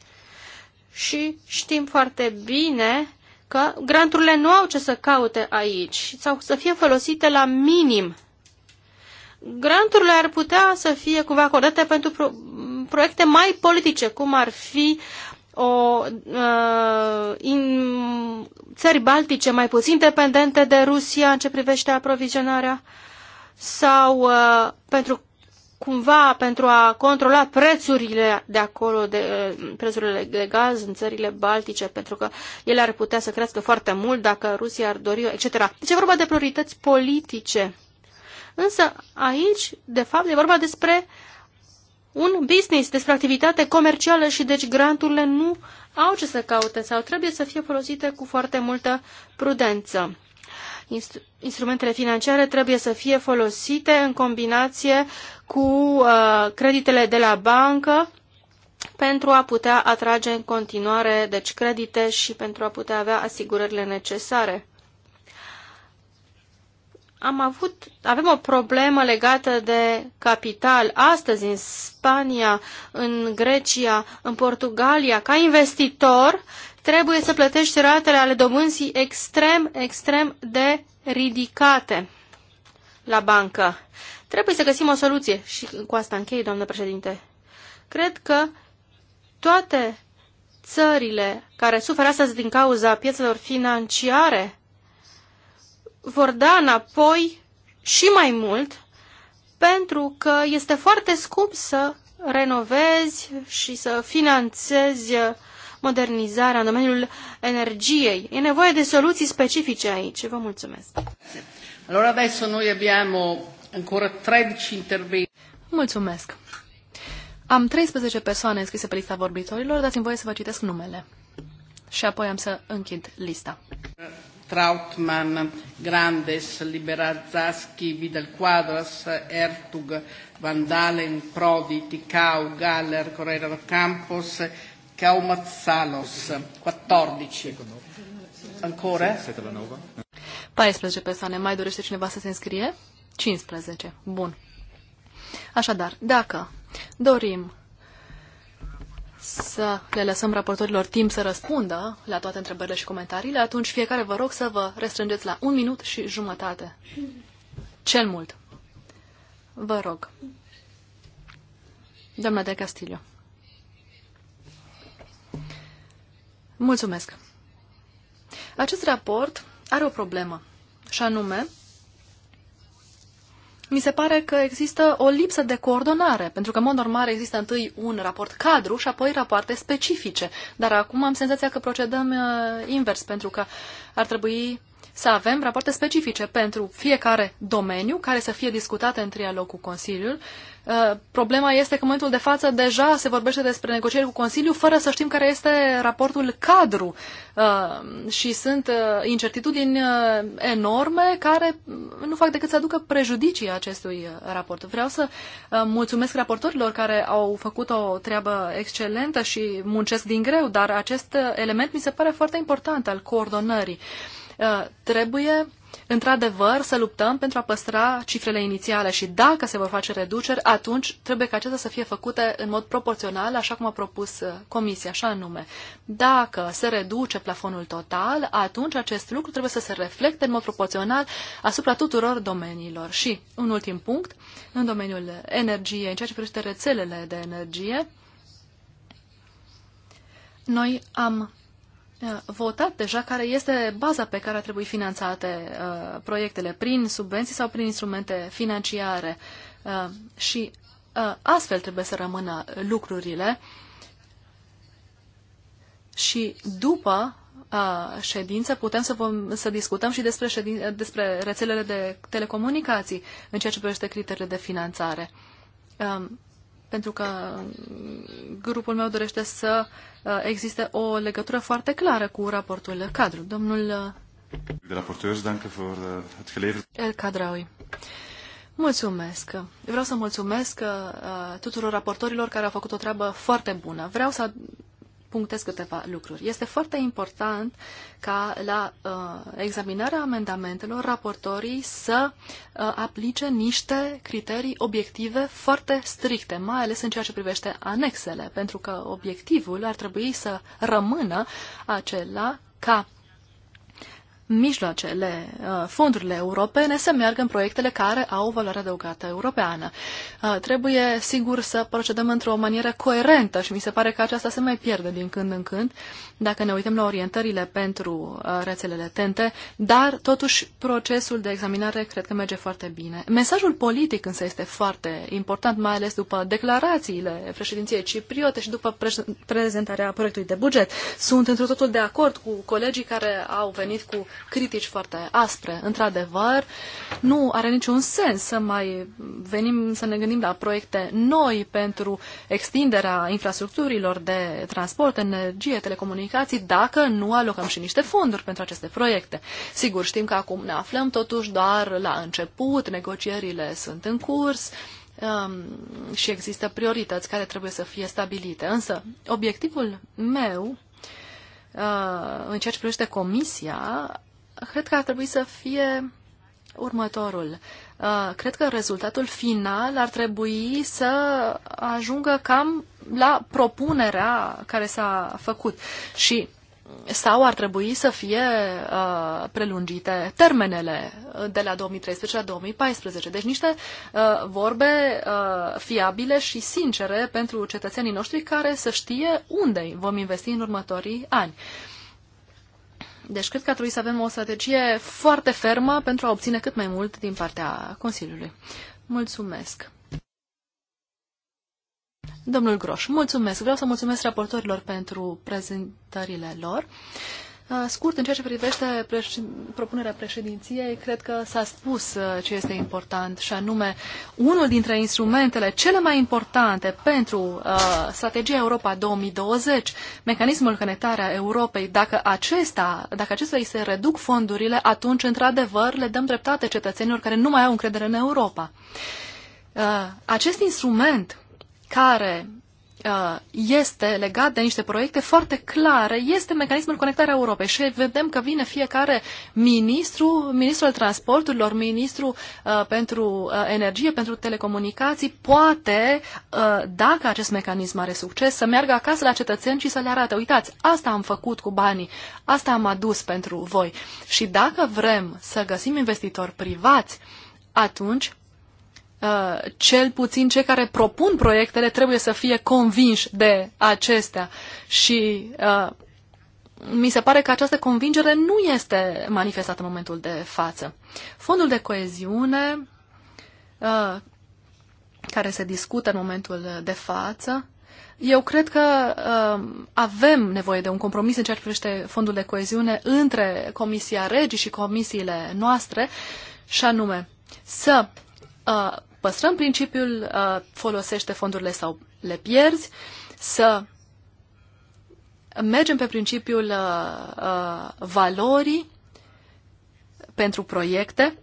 și știm foarte bine că granturile nu au ce să caute aici sau să fie folosite la minim. Granturile ar putea să fie cumva acordate pentru pro proiecte mai politice, cum ar fi o, uh, in, țări baltice mai puțin dependente de Rusia în ce privește aprovizionarea sau uh, pentru cumva pentru a controla prețurile de acolo, de, eh, prețurile de gaz în țările baltice, pentru că ele ar putea să crească foarte mult dacă Rusia ar dori, etc. Deci e vorba de priorități politice. Însă aici, de fapt, e vorba despre un business, despre activitate comercială și deci granturile nu au ce să caute sau trebuie să fie folosite cu foarte multă prudență instrumentele financiare trebuie să fie folosite în combinație cu uh, creditele de la bancă pentru a putea atrage în continuare deci credite și pentru a putea avea asigurările necesare am avut, avem o problemă legată de capital astăzi în Spania, în Grecia, în Portugalia. Ca investitor trebuie să plătești ratele ale dobânzii extrem, extrem de ridicate la bancă. Trebuie să găsim o soluție și cu asta închei, doamnă președinte. Cred că toate țările care suferă astăzi din cauza piețelor financiare vor da înapoi și mai mult pentru că este foarte scump să renovezi și să finanțezi modernizarea în domeniul energiei. E nevoie de soluții specifice aici. Vă mulțumesc. Allora adesso noi abbiamo ancora 13 interventi. Mulțumesc. Am 13 persoane înscrise pe lista vorbitorilor, dați-mi voie să vă citesc numele. Și apoi am să închid lista. Trautmann, Grandes, Liberazzaschi, Vidal Quadras, Ertug, Vandalen, Prodi, Ticau, Galler, Correa del Campos, Caumazzalos. 14. Ancora? 14 persoane. Mai dorește cineva să se înscrie? 15. Bun. Așadar, dacă dorim să le lăsăm raportorilor timp să răspundă la toate întrebările și comentariile, atunci fiecare vă rog să vă restrângeți la un minut și jumătate. Cel mult. Vă rog. Doamna de Castillo. Mulțumesc. Acest raport are o problemă, și anume mi se pare că există o lipsă de coordonare, pentru că, în mod normal, există întâi un raport cadru și apoi rapoarte specifice. Dar acum am senzația că procedăm uh, invers, pentru că ar trebui să avem rapoarte specifice pentru fiecare domeniu care să fie discutate în trialog cu Consiliul Uh, problema este că în momentul de față deja se vorbește despre negocieri cu Consiliul fără să știm care este raportul cadru uh, și sunt uh, incertitudini enorme care nu fac decât să aducă prejudicii acestui raport. Vreau să mulțumesc raportorilor care au făcut o treabă excelentă și muncesc din greu, dar acest element mi se pare foarte important al coordonării. Uh, trebuie într-adevăr să luptăm pentru a păstra cifrele inițiale și dacă se vor face reduceri, atunci trebuie ca acestea să fie făcute în mod proporțional, așa cum a propus uh, Comisia, așa anume. Dacă se reduce plafonul total, atunci acest lucru trebuie să se reflecte în mod proporțional asupra tuturor domeniilor. Și un ultim punct, în domeniul energiei, în ceea ce privește rețelele de energie, noi am Uh, votat deja care este baza pe care ar trebui finanțate uh, proiectele, prin subvenții sau prin instrumente financiare. Uh, și uh, astfel trebuie să rămână lucrurile. Și după uh, ședință putem să, vom, să discutăm și despre, ședin, uh, despre rețelele de telecomunicații în ceea ce privește criteriile de finanțare. Um, pentru că mm, grupul meu dorește să uh, existe o legătură foarte clară cu raportul cadru. Domnul uh, de raporteurs, danke voor uh, het geleverd. El Cadraui. Mulțumesc. Vreau să mulțumesc tuturor raportorilor care au făcut o treabă foarte bună. Vreau să punctez câteva lucruri. Este foarte important ca la uh, examinarea amendamentelor raportorii să uh, aplice niște criterii obiective foarte stricte, mai ales în ceea ce privește anexele, pentru că obiectivul ar trebui să rămână acela ca mijloacele, uh, fondurile europene să meargă în proiectele care au valoare adăugată europeană. Uh, trebuie, sigur, să procedăm într-o manieră coerentă și mi se pare că aceasta se mai pierde din când în când dacă ne uităm la orientările pentru uh, rețelele tente, dar totuși procesul de examinare cred că merge foarte bine. Mesajul politic însă este foarte important, mai ales după declarațiile președinției cipriote și după prezentarea proiectului de buget. Sunt într totul de acord cu colegii care au venit cu critici foarte aspre. Într-adevăr, nu are niciun sens să mai venim să ne gândim la proiecte noi pentru extinderea infrastructurilor de transport, energie, telecomunicații, dacă nu alocăm și niște fonduri pentru aceste proiecte. Sigur, știm că acum ne aflăm totuși doar la început, negocierile sunt în curs, um, și există priorități care trebuie să fie stabilite. Însă, obiectivul meu uh, în ceea ce privește comisia cred că ar trebui să fie următorul. Uh, cred că rezultatul final ar trebui să ajungă cam la propunerea care s-a făcut și sau ar trebui să fie uh, prelungite termenele de la 2013 la 2014. Deci niște uh, vorbe uh, fiabile și sincere pentru cetățenii noștri care să știe unde vom investi în următorii ani. Uh, deci cred că ar trebui să avem o strategie foarte fermă pentru a obține cât mai mult din partea Consiliului. Mulțumesc! Domnul Groș, mulțumesc. Vreau să mulțumesc raportorilor pentru prezentările lor. Uh, scurt, în ceea ce privește preș propunerea președinției, cred că s-a spus uh, ce este important și anume unul dintre instrumentele cele mai importante pentru uh, strategia Europa 2020, mecanismul conectarea Europei, dacă, acesta, dacă acesta îi se reduc fondurile, atunci, într-adevăr, le dăm dreptate cetățenilor care nu mai au încredere în Europa. Uh, acest instrument care Uh, este legat de niște proiecte foarte clare, este mecanismul conectarea Europei și vedem că vine fiecare ministru, ministrul al transporturilor, ministru uh, pentru uh, energie, pentru telecomunicații, poate, uh, dacă acest mecanism are succes, să meargă acasă la cetățeni și să le arate, uitați, asta am făcut cu banii, asta am adus pentru voi. Și dacă vrem să găsim investitori privați, atunci Uh, cel puțin cei care propun proiectele trebuie să fie convinși de acestea. Și uh, mi se pare că această convingere nu este manifestată în momentul de față. Fondul de coeziune uh, care se discută în momentul de față, eu cred că uh, avem nevoie de un compromis în ceea ce privește fondul de coeziune între Comisia Regii și comisiile noastre, și anume să uh, păstrăm principiul uh, folosește fondurile sau le pierzi, să mergem pe principiul uh, uh, valorii pentru proiecte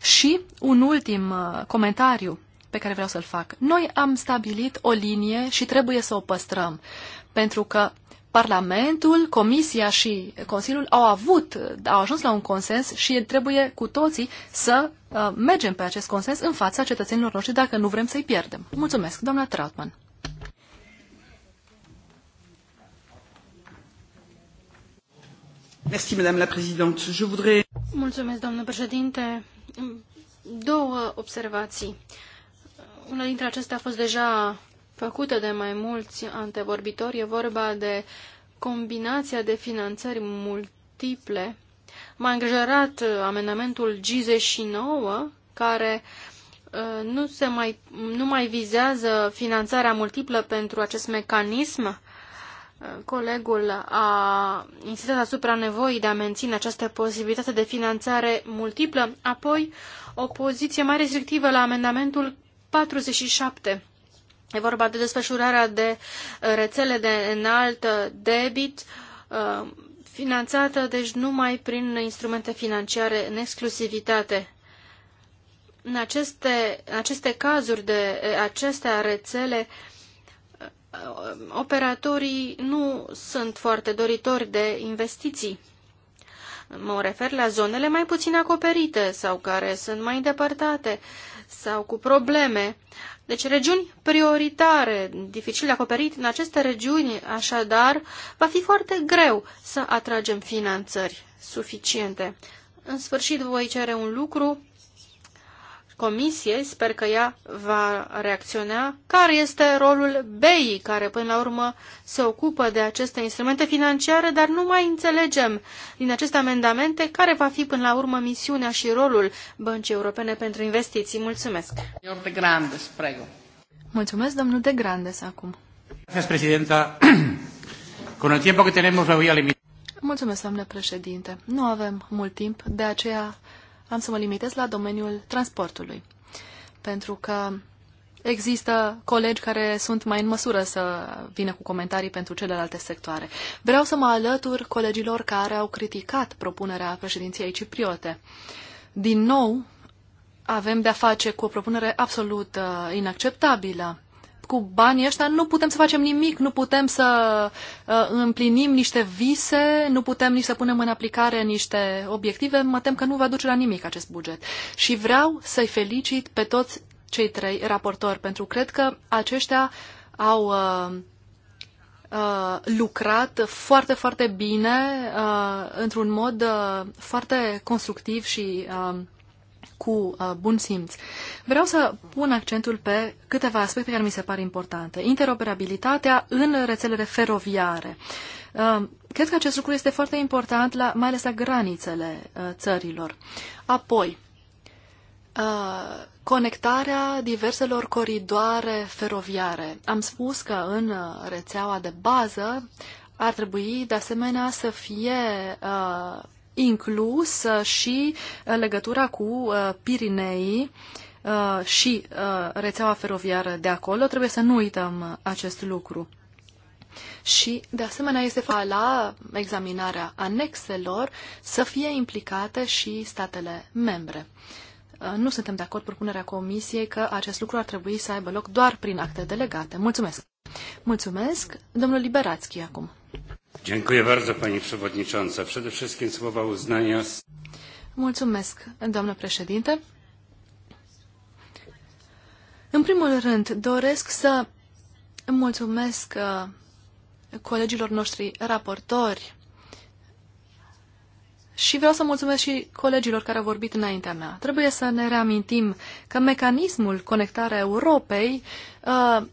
și un ultim uh, comentariu pe care vreau să-l fac. Noi am stabilit o linie și trebuie să o păstrăm, pentru că Parlamentul, Comisia și Consiliul au avut, au ajuns la un consens și trebuie cu toții să uh, mergem pe acest consens în fața cetățenilor noștri dacă nu vrem să-i pierdem. Mulțumesc, doamna Trautmann. Merci, madame la présidente. Je voudrais... Mulțumesc, doamnă președinte. Două observații. Una dintre acestea a fost deja făcută de mai mulți antevorbitori. E vorba de combinația de finanțări multiple. M-a îngrijorat uh, amendamentul G69, care uh, nu, se mai, nu mai vizează finanțarea multiplă pentru acest mecanism. Uh, colegul a insistat asupra nevoii de a menține această posibilitate de finanțare multiplă, apoi o poziție mai restrictivă la amendamentul 47 E vorba de desfășurarea de uh, rețele de înalt uh, debit, uh, finanțată deci numai prin instrumente financiare în exclusivitate. În aceste, în aceste cazuri de acestea rețele, operatorii nu sunt foarte doritori de investiții. Mă refer la zonele mai puțin acoperite sau care sunt mai îndepărtate sau cu probleme. Deci regiuni prioritare, dificil de acoperit, în aceste regiuni, așadar, va fi foarte greu să atragem finanțări suficiente. În sfârșit, voi cere un lucru Comisiei. Sper că ea va reacționa. Care este rolul BEI, care până la urmă se ocupă de aceste instrumente financiare, dar nu mai înțelegem din aceste amendamente care va fi până la urmă misiunea și rolul Băncii Europene pentru Investiții. Mulțumesc! De Grandes, prego. Mulțumesc, domnul de Grandes, acum. [clears throat] Mulțumesc, doamnă președinte. Nu avem mult timp, de aceea am să mă limitez la domeniul transportului. Pentru că există colegi care sunt mai în măsură să vină cu comentarii pentru celelalte sectoare. Vreau să mă alătur colegilor care au criticat propunerea președinției cipriote. Din nou, avem de-a face cu o propunere absolut uh, inacceptabilă cu banii ăștia nu putem să facem nimic, nu putem să uh, împlinim niște vise, nu putem nici să punem în aplicare niște obiective, mă tem că nu va duce la nimic acest buget. Și vreau să-i felicit pe toți cei trei raportori, pentru cred că aceștia au uh, uh, lucrat foarte, foarte bine, uh, într-un mod uh, foarte constructiv și uh, cu uh, bun simț. Vreau să pun accentul pe câteva aspecte care mi se par importante. Interoperabilitatea în rețelele feroviare. Uh, cred că acest lucru este foarte important, la, mai ales la granițele uh, țărilor. Apoi, uh, conectarea diverselor coridoare feroviare. Am spus că în uh, rețeaua de bază ar trebui, de asemenea, să fie uh, inclus uh, și uh, legătura cu uh, Pirinei și rețeaua feroviară de acolo. Trebuie să nu uităm acest lucru. Și, de asemenea, este fa la examinarea anexelor să fie implicate și statele membre. Nu suntem de acord propunerea Comisiei că acest lucru ar trebui să aibă loc doar prin acte delegate. Mulțumesc! Mulțumesc, domnul Liberațchi, acum. Dziękuję bardzo, pani przewodnicząca. Przede wszystkim słowa uznania. Mulțumesc, doamnă președinte. În primul rând, doresc să mulțumesc uh, colegilor noștri raportori și vreau să mulțumesc și colegilor care au vorbit înaintea mea. Trebuie să ne reamintim că mecanismul conectarea Europei uh,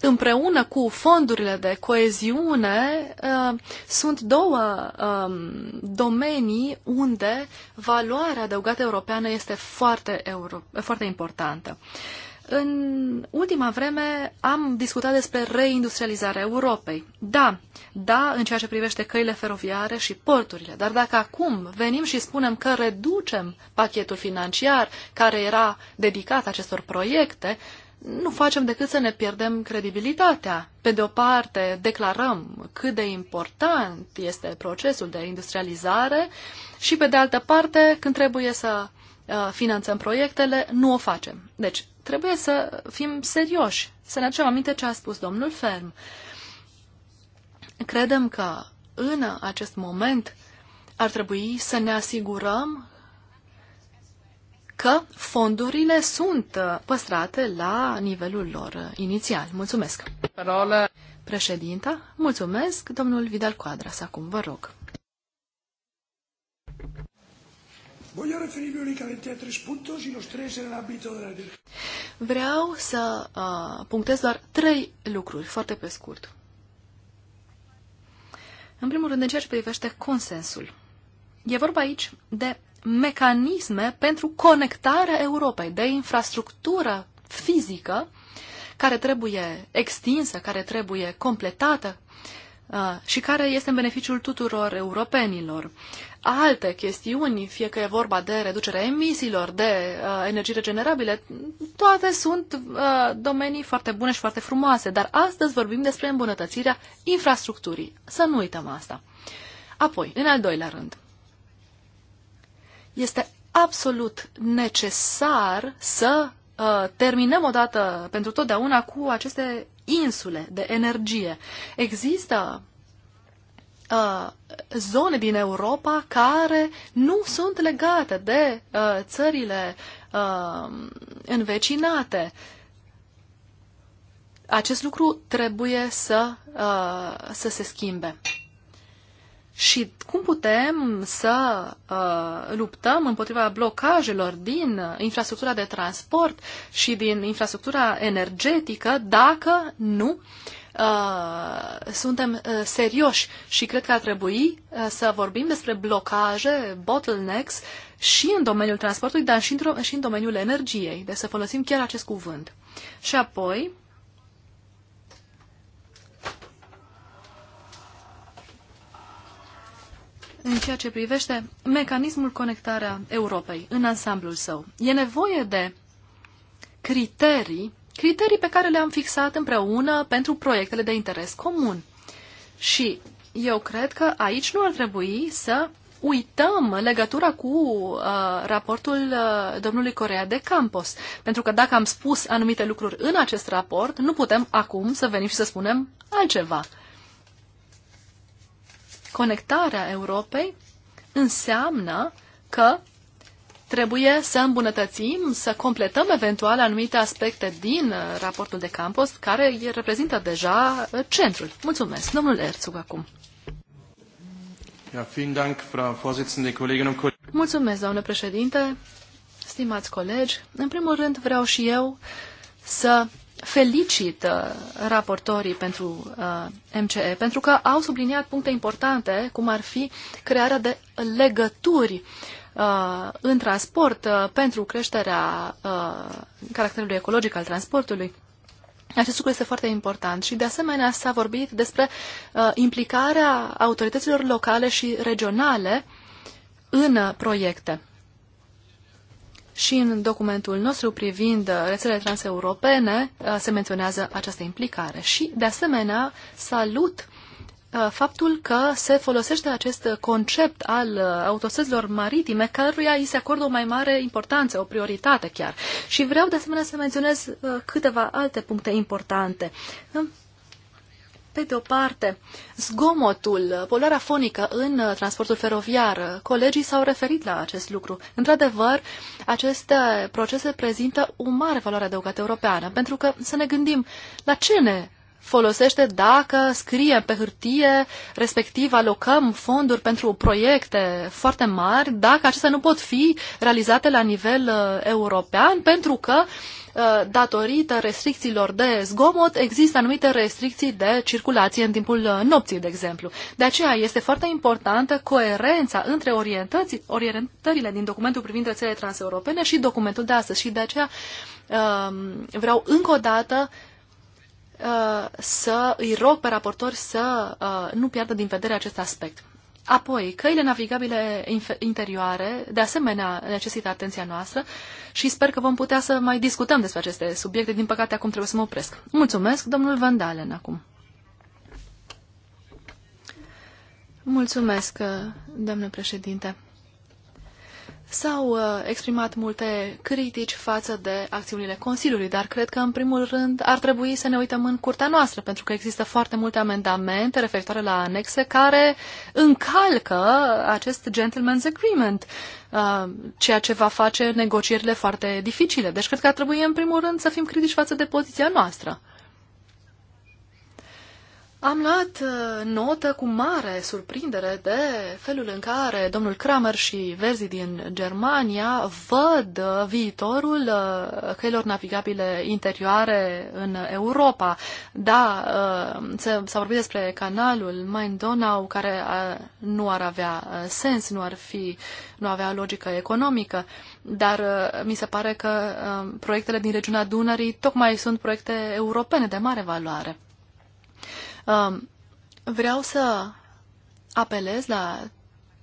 împreună cu fondurile de coeziune, uh, sunt două um, domenii unde valoarea adăugată europeană este foarte, euro, foarte importantă. În ultima vreme am discutat despre reindustrializarea Europei. Da, da, în ceea ce privește căile feroviare și porturile, dar dacă acum venim și spunem că reducem pachetul financiar care era dedicat acestor proiecte, nu facem decât să ne pierdem credibilitatea. Pe de o parte, declarăm cât de important este procesul de industrializare și, pe de altă parte, când trebuie să uh, finanțăm proiectele, nu o facem. Deci, trebuie să fim serioși, să ne aducem aminte ce a spus domnul Ferm. Credem că în acest moment ar trebui să ne asigurăm că fondurile sunt uh, păstrate la nivelul lor uh, inițial. Mulțumesc! Parola. Președinta, mulțumesc, domnul Vidal Coadras, acum vă rog. Vreau să uh, punctez doar trei lucruri, foarte pe scurt. În primul rând, în ceea ce privește consensul. E vorba aici de mecanisme pentru conectarea Europei, de infrastructură fizică care trebuie extinsă, care trebuie completată uh, și care este în beneficiul tuturor europenilor. Alte chestiuni, fie că e vorba de reducerea emisiilor, de uh, energii regenerabile, toate sunt uh, domenii foarte bune și foarte frumoase, dar astăzi vorbim despre îmbunătățirea infrastructurii. Să nu uităm asta. Apoi, în al doilea rând, este absolut necesar să uh, terminăm odată pentru totdeauna cu aceste insule de energie. Există uh, zone din Europa care nu sunt legate de uh, țările uh, învecinate. Acest lucru trebuie să, uh, să se schimbe și cum putem să uh, luptăm împotriva blocajelor din infrastructura de transport și din infrastructura energetică dacă nu uh, suntem uh, serioși și cred că ar trebui uh, să vorbim despre blocaje, bottlenecks și în domeniul transportului, dar și, și în domeniul energiei. Deci să folosim chiar acest cuvânt. Și apoi, în ceea ce privește mecanismul conectarea Europei în ansamblul său. E nevoie de criterii, criterii pe care le-am fixat împreună pentru proiectele de interes comun. Și eu cred că aici nu ar trebui să uităm legătura cu uh, raportul uh, domnului Corea de Campos. Pentru că dacă am spus anumite lucruri în acest raport, nu putem acum să venim și să spunem altceva. Conectarea Europei înseamnă că trebuie să îmbunătățim, să completăm eventual anumite aspecte din uh, raportul de campus, care reprezintă deja uh, centrul. Mulțumesc. Domnul Erțug, acum. Mulțumesc, doamnă președinte, stimați colegi. În primul rând vreau și eu să felicit uh, raportorii pentru uh, MCE, pentru că au subliniat puncte importante, cum ar fi crearea de legături uh, în transport pentru creșterea caracterului ecologic al transportului. Acest lucru este foarte important și, de asemenea, s-a vorbit despre implicarea autorităților locale și regionale în proiecte. Și în documentul nostru privind uh, rețelele transeuropene uh, se menționează această implicare. Și, de asemenea, salut uh, faptul că se folosește acest concept al autostrăzilor maritime, căruia îi se acordă o mai mare importanță, o prioritate chiar. Și vreau de asemenea să menționez câteva alte puncte importante. În pe de o parte, zgomotul, poluarea fonică în uh, transportul feroviar. Colegii s-au referit la acest lucru. Într-adevăr, aceste procese prezintă o mare valoare adăugată europeană, pentru că să ne gândim la ce ne folosește dacă scriem pe hârtie, respectiv alocăm fonduri pentru proiecte foarte mari, dacă acestea nu pot fi realizate la nivel uh, european, pentru că Uh, datorită restricțiilor de zgomot, există anumite restricții de circulație în timpul uh, nopții, de exemplu. De aceea este foarte importantă coerența între orientările din documentul privind rețelele transeuropene și documentul de astăzi. Și de aceea um, vreau încă o dată uh, să îi rog pe raportori să nu piardă din vedere acest aspect. Apoi, căile navigabile interioare, de asemenea, necesită atenția noastră și sper că vom putea să mai discutăm despre aceste subiecte. Din păcate, acum trebuie să mă opresc. Mulțumesc, domnul Vandalen, acum. Mulțumesc, doamnă președinte. S-au uh, exprimat multe critici față de acțiunile Consiliului, dar cred că, în primul rând, ar trebui să ne uităm în curtea noastră, pentru că există foarte multe amendamente referitoare la anexe care încalcă acest gentleman's agreement, uh, ceea ce va face negocierile foarte dificile. Deci, cred că ar trebui, în primul rând, să fim critici față de poziția noastră. Am luat uh, notă cu mare surprindere de felul în care domnul Kramer și verzii din Germania văd uh, viitorul uh, căilor navigabile interioare în Europa. Da, s-a vorbit despre canalul Main-Donau, care nu ar avea sens, nu ar fi, nu avea logică economică, dar mi se pare că proiectele din regiunea Dunării tocmai sunt proiecte europene de mare valoare. Um, vreau să apelez la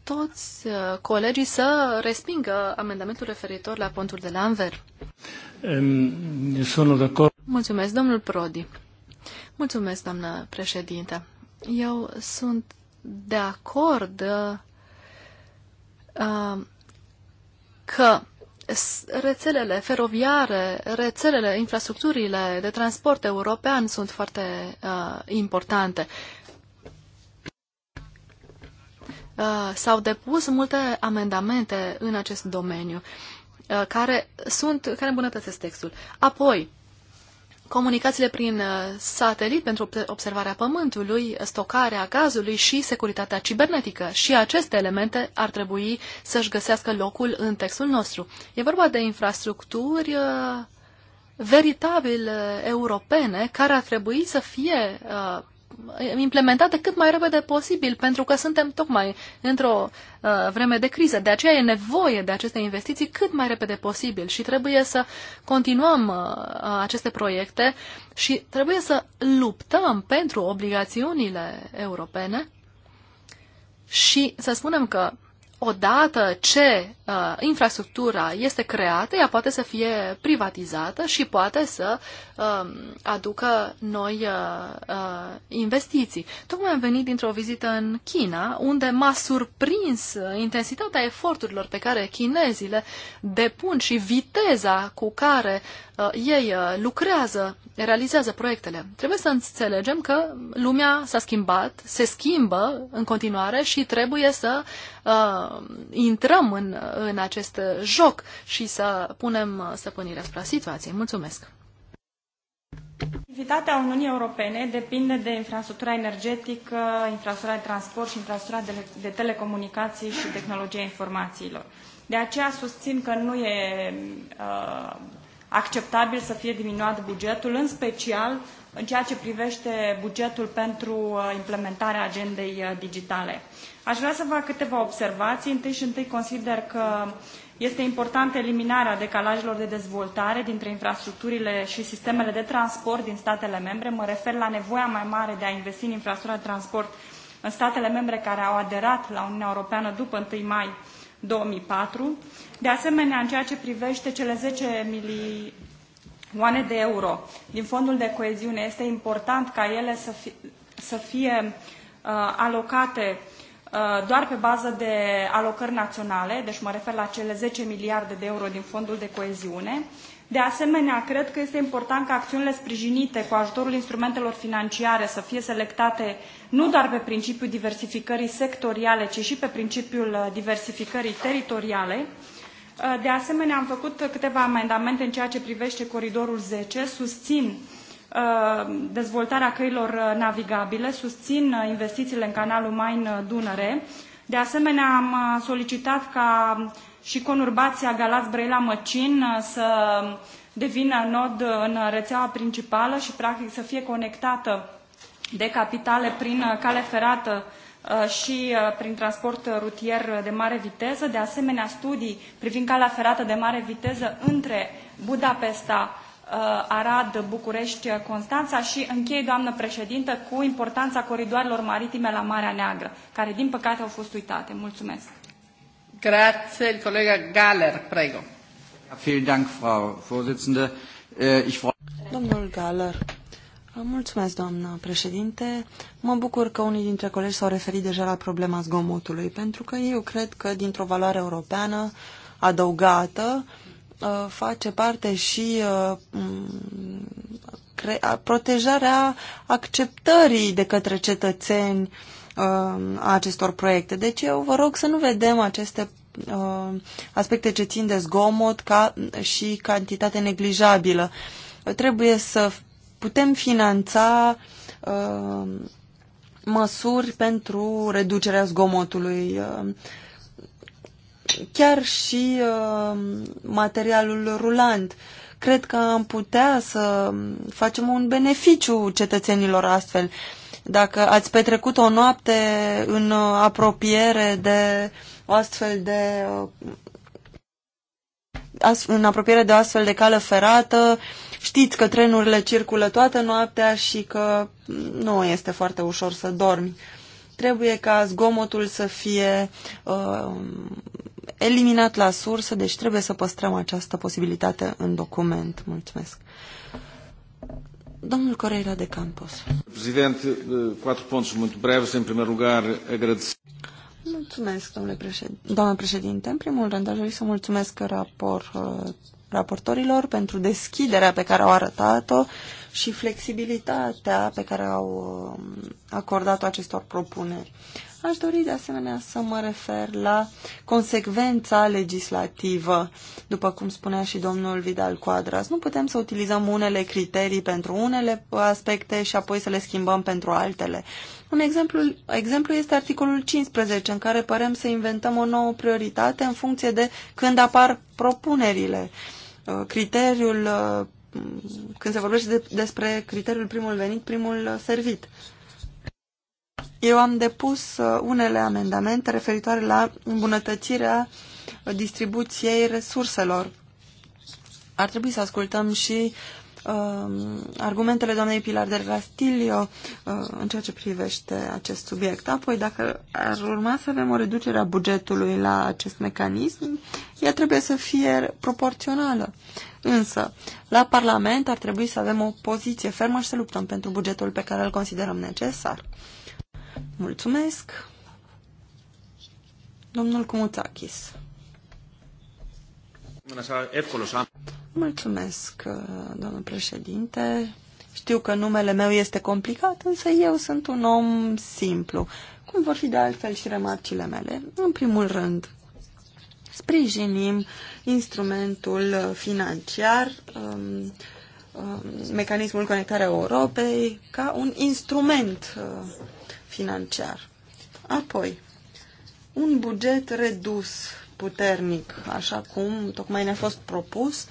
toți uh, colegii să respingă amendamentul referitor la pontul de la Anver. Mulțumesc, domnul Prodi. Mulțumesc, doamnă președinte. Eu sunt de acord uh, că rețelele feroviare, rețelele, infrastructurile de transport european sunt foarte uh, importante. Uh, s-au depus multe amendamente în acest domeniu uh, care sunt, care îmbunătățesc textul. Apoi, comunicațiile prin uh, satelit pentru observarea Pământului, stocarea gazului și securitatea cibernetică. Și aceste elemente ar trebui să-și găsească locul în textul nostru. E vorba de infrastructuri uh, veritabil uh, europene care ar trebui să fie implementate cât mai repede posibil, pentru că suntem tocmai într-o uh, vreme de criză. De aceea e nevoie de aceste investiții cât mai repede posibil și trebuie să continuăm uh, aceste proiecte și trebuie să luptăm pentru obligațiunile europene și să spunem că odată ce uh, infrastructura este creată, ea poate să fie privatizată și poate să uh, aducă noi uh, uh, investiții. Tocmai am venit dintr-o vizită în China, unde m-a surprins uh, intensitatea eforturilor pe care chinezile depun și viteza cu care Uh, ei uh, lucrează, realizează proiectele. Trebuie să înțelegem că lumea s-a schimbat, se schimbă în continuare și trebuie să uh, intrăm în, în acest joc și să punem stăpânirea asupra situației. Mulțumesc! Activitatea Uniunii Europene depinde de infrastructura energetică, infrastructura de transport și infrastructura de, de telecomunicații și tehnologia informațiilor. De aceea susțin că nu e uh, acceptabil să fie diminuat bugetul, în special în ceea ce privește bugetul pentru uh, implementarea agendei uh, digitale. Aș vrea să fac câteva observații. Întâi și întâi consider că este importantă eliminarea decalajelor de dezvoltare dintre infrastructurile și sistemele de transport din statele membre. Mă refer la nevoia mai mare de a investi în infrastructura de transport în statele membre care au aderat la Uniunea Europeană după 1 mai 2004. De asemenea, în ceea ce privește cele 10 milioane de euro din fondul de coeziune, este important ca ele să, fi, să fie uh, alocate uh, doar pe bază de alocări naționale, deci mă refer la cele 10 miliarde de euro din fondul de coeziune, uh, de asemenea, cred că este important ca acțiunile sprijinite cu ajutorul instrumentelor financiare să fie selectate nu doar pe principiul diversificării sectoriale, ci și pe principiul uh, diversificării teritoriale. Uh, de asemenea, am făcut câteva amendamente în ceea ce privește coridorul 10. Susțin uh, dezvoltarea căilor navigabile, susțin investițiile în canalul Main-Dunăre. De asemenea, am solicitat ca și conurbația Galați-Brăila-Măcin uh, să devină nod în rețeaua principală și practic să fie conectată de capitale prin uh, cale ferată uh, și prin transport rutier de mare viteză, de asemenea studii privind calea ferată de mare viteză între Budapesta, Arad, București, Constanța și închei, doamnă președintă, cu importanța coridoarelor maritime la Marea Neagră, care din păcate au fost uitate. Mulțumesc! Grazie, il collega Galler, prego. Vielen Dank, Frau Vorsitzende. Äh, ich Domnul Galler. Mulțumesc, doamnă președinte. Mă bucur că unii dintre colegi s-au referit deja la problema zgomotului, pentru că eu cred că dintr-o valoare europeană adăugată ă, face parte și ă, protejarea acceptării de către cetățeni uh, a acestor proiecte. Deci eu vă rog să nu vedem aceste uh, aspecte ce țin de zgomot ca și cantitate neglijabilă. Trebuie să putem finanța uh, măsuri pentru reducerea zgomotului. Uh, chiar și materialul rulant. Cred că am putea să facem un beneficiu cetățenilor astfel. Uh, dacă ați petrecut o noapte în uh, apropiere de o astfel de uh, în apropiere de o astfel de cale ferată, știți că trenurile circulă toată noaptea și că nu este foarte ușor să dormi. Trebuie ca zgomotul să fie uh, eliminat la sursă, deci trebuie să păstrăm această posibilitate în document. Mulțumesc. Domnul Correira de Campos. Președinte, patru puncte muito breves. În primul lugar, agradecer. Mulțumesc, domnule președinte. Doamne președinte. În primul rând, aș vrea să mulțumesc rapor, raportorilor pentru deschiderea pe care au arătat-o și flexibilitatea pe care au um, acordat-o acestor propuneri. Aș dori de asemenea să mă refer la consecvența legislativă. După cum spunea și domnul Vidal Quadras, nu putem să utilizăm unele criterii pentru unele aspecte și apoi să le schimbăm pentru altele. Un exemplu, exemplu este articolul 15, în care părem să inventăm o nouă prioritate în funcție de când apar propunerile. Uh, criteriul, uh, când se vorbește de, despre criteriul primul venit, primul servit. Eu am depus uh, unele amendamente referitoare la îmbunătățirea distribuției resurselor. Ar trebui să ascultăm și uh, argumentele doamnei Pilar del Castillo uh, în ceea ce privește acest subiect. Apoi, dacă ar urma să avem o reducere a bugetului la acest mecanism, ea trebuie să fie proporțională. Însă, la Parlament ar trebui să avem o poziție fermă și să luptăm pentru bugetul pe care îl considerăm necesar. Mulțumesc. Domnul Cumuțachis. Mulțumesc, domnul președinte. Știu că numele meu este complicat, însă eu sunt un om simplu. Cum vor fi de altfel și remarcile mele? În primul rând, sprijinim instrumentul financiar, um, um, mecanismul conectarea Europei, ca un instrument uh, financiar. Apoi, un buget redus puternic, așa cum tocmai ne-a fost propus,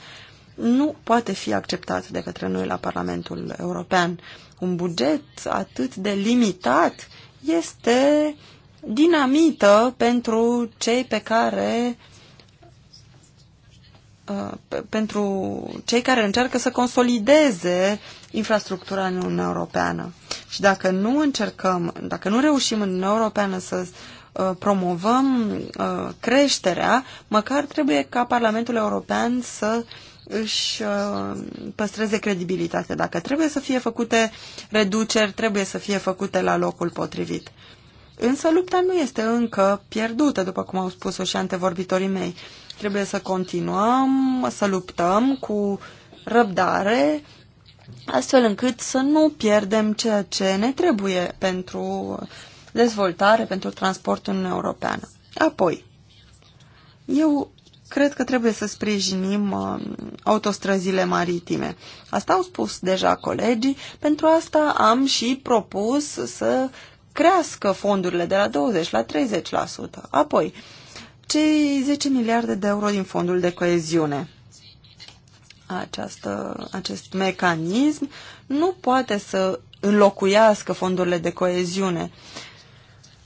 nu poate fi acceptat de către noi la Parlamentul European. Un buget atât de limitat este dinamită pentru cei pe care uh, pentru cei care încearcă să consolideze infrastructura în Uniunea Europeană. Și dacă nu încercăm, dacă nu reușim în Uniunea Europeană să uh, promovăm uh, creșterea, măcar trebuie ca Parlamentul European să își uh, păstreze credibilitatea. Dacă trebuie să fie făcute reduceri, trebuie să fie făcute la locul potrivit. Însă lupta nu este încă pierdută, după cum au spus-o și antevorbitorii mei. Trebuie să continuăm să luptăm cu răbdare astfel încât să nu pierdem ceea ce ne trebuie pentru dezvoltare, pentru transportul în europeană. Apoi, eu cred că trebuie să sprijinim uh, autostrăzile maritime. Asta au spus deja colegii, pentru asta am și propus să crească fondurile de la 20 la 30%. Apoi, cei 10 miliarde de euro din fondul de coeziune această, acest mecanism nu poate să înlocuiască fondurile de coeziune.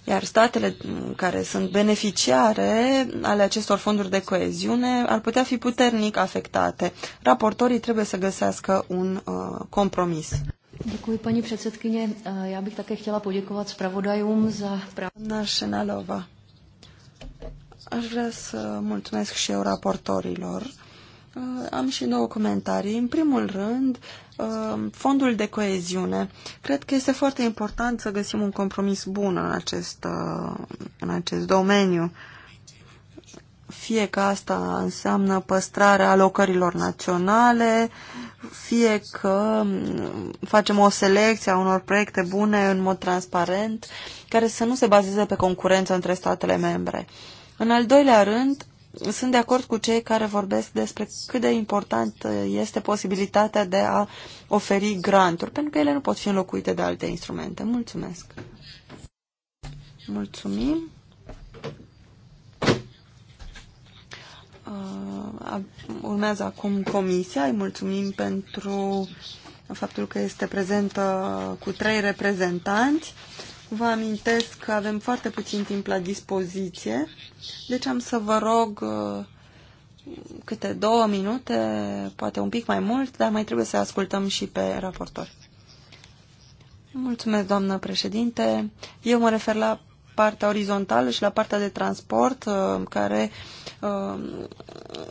Iar statele care sunt beneficiare ale acestor fonduri de coeziune ar putea fi puternic afectate. Raportorii trebuie să găsească un uh, compromis. Děkuji, paní předsedkyně. Eh, já bych také chtěla poděkovat zpravodajům za práci. Naše Aș vrea să mulțumesc și eu raportorilor Uh, am și două comentarii. În primul rând, uh, fondul de coeziune. Cred că este foarte important să găsim un compromis bun în acest, uh, în acest domeniu. Fie că asta înseamnă păstrarea alocărilor naționale, fie că um, facem o selecție a unor proiecte bune în mod transparent, care să nu se bazeze pe concurență între statele membre. În al doilea rând, sunt de acord cu cei care vorbesc despre cât de important este posibilitatea de a oferi granturi, pentru că ele nu pot fi înlocuite de alte instrumente. Mulțumesc! Mulțumim! Uh, urmează acum comisia. Îi mulțumim pentru faptul că este prezentă cu trei reprezentanți. Vă amintesc că avem foarte puțin timp la dispoziție, deci am să vă rog uh, câte două minute, poate un pic mai mult, dar mai trebuie să ascultăm și pe raportor. Mulțumesc, doamnă președinte. Eu mă refer la partea orizontală și la partea de transport uh, care uh,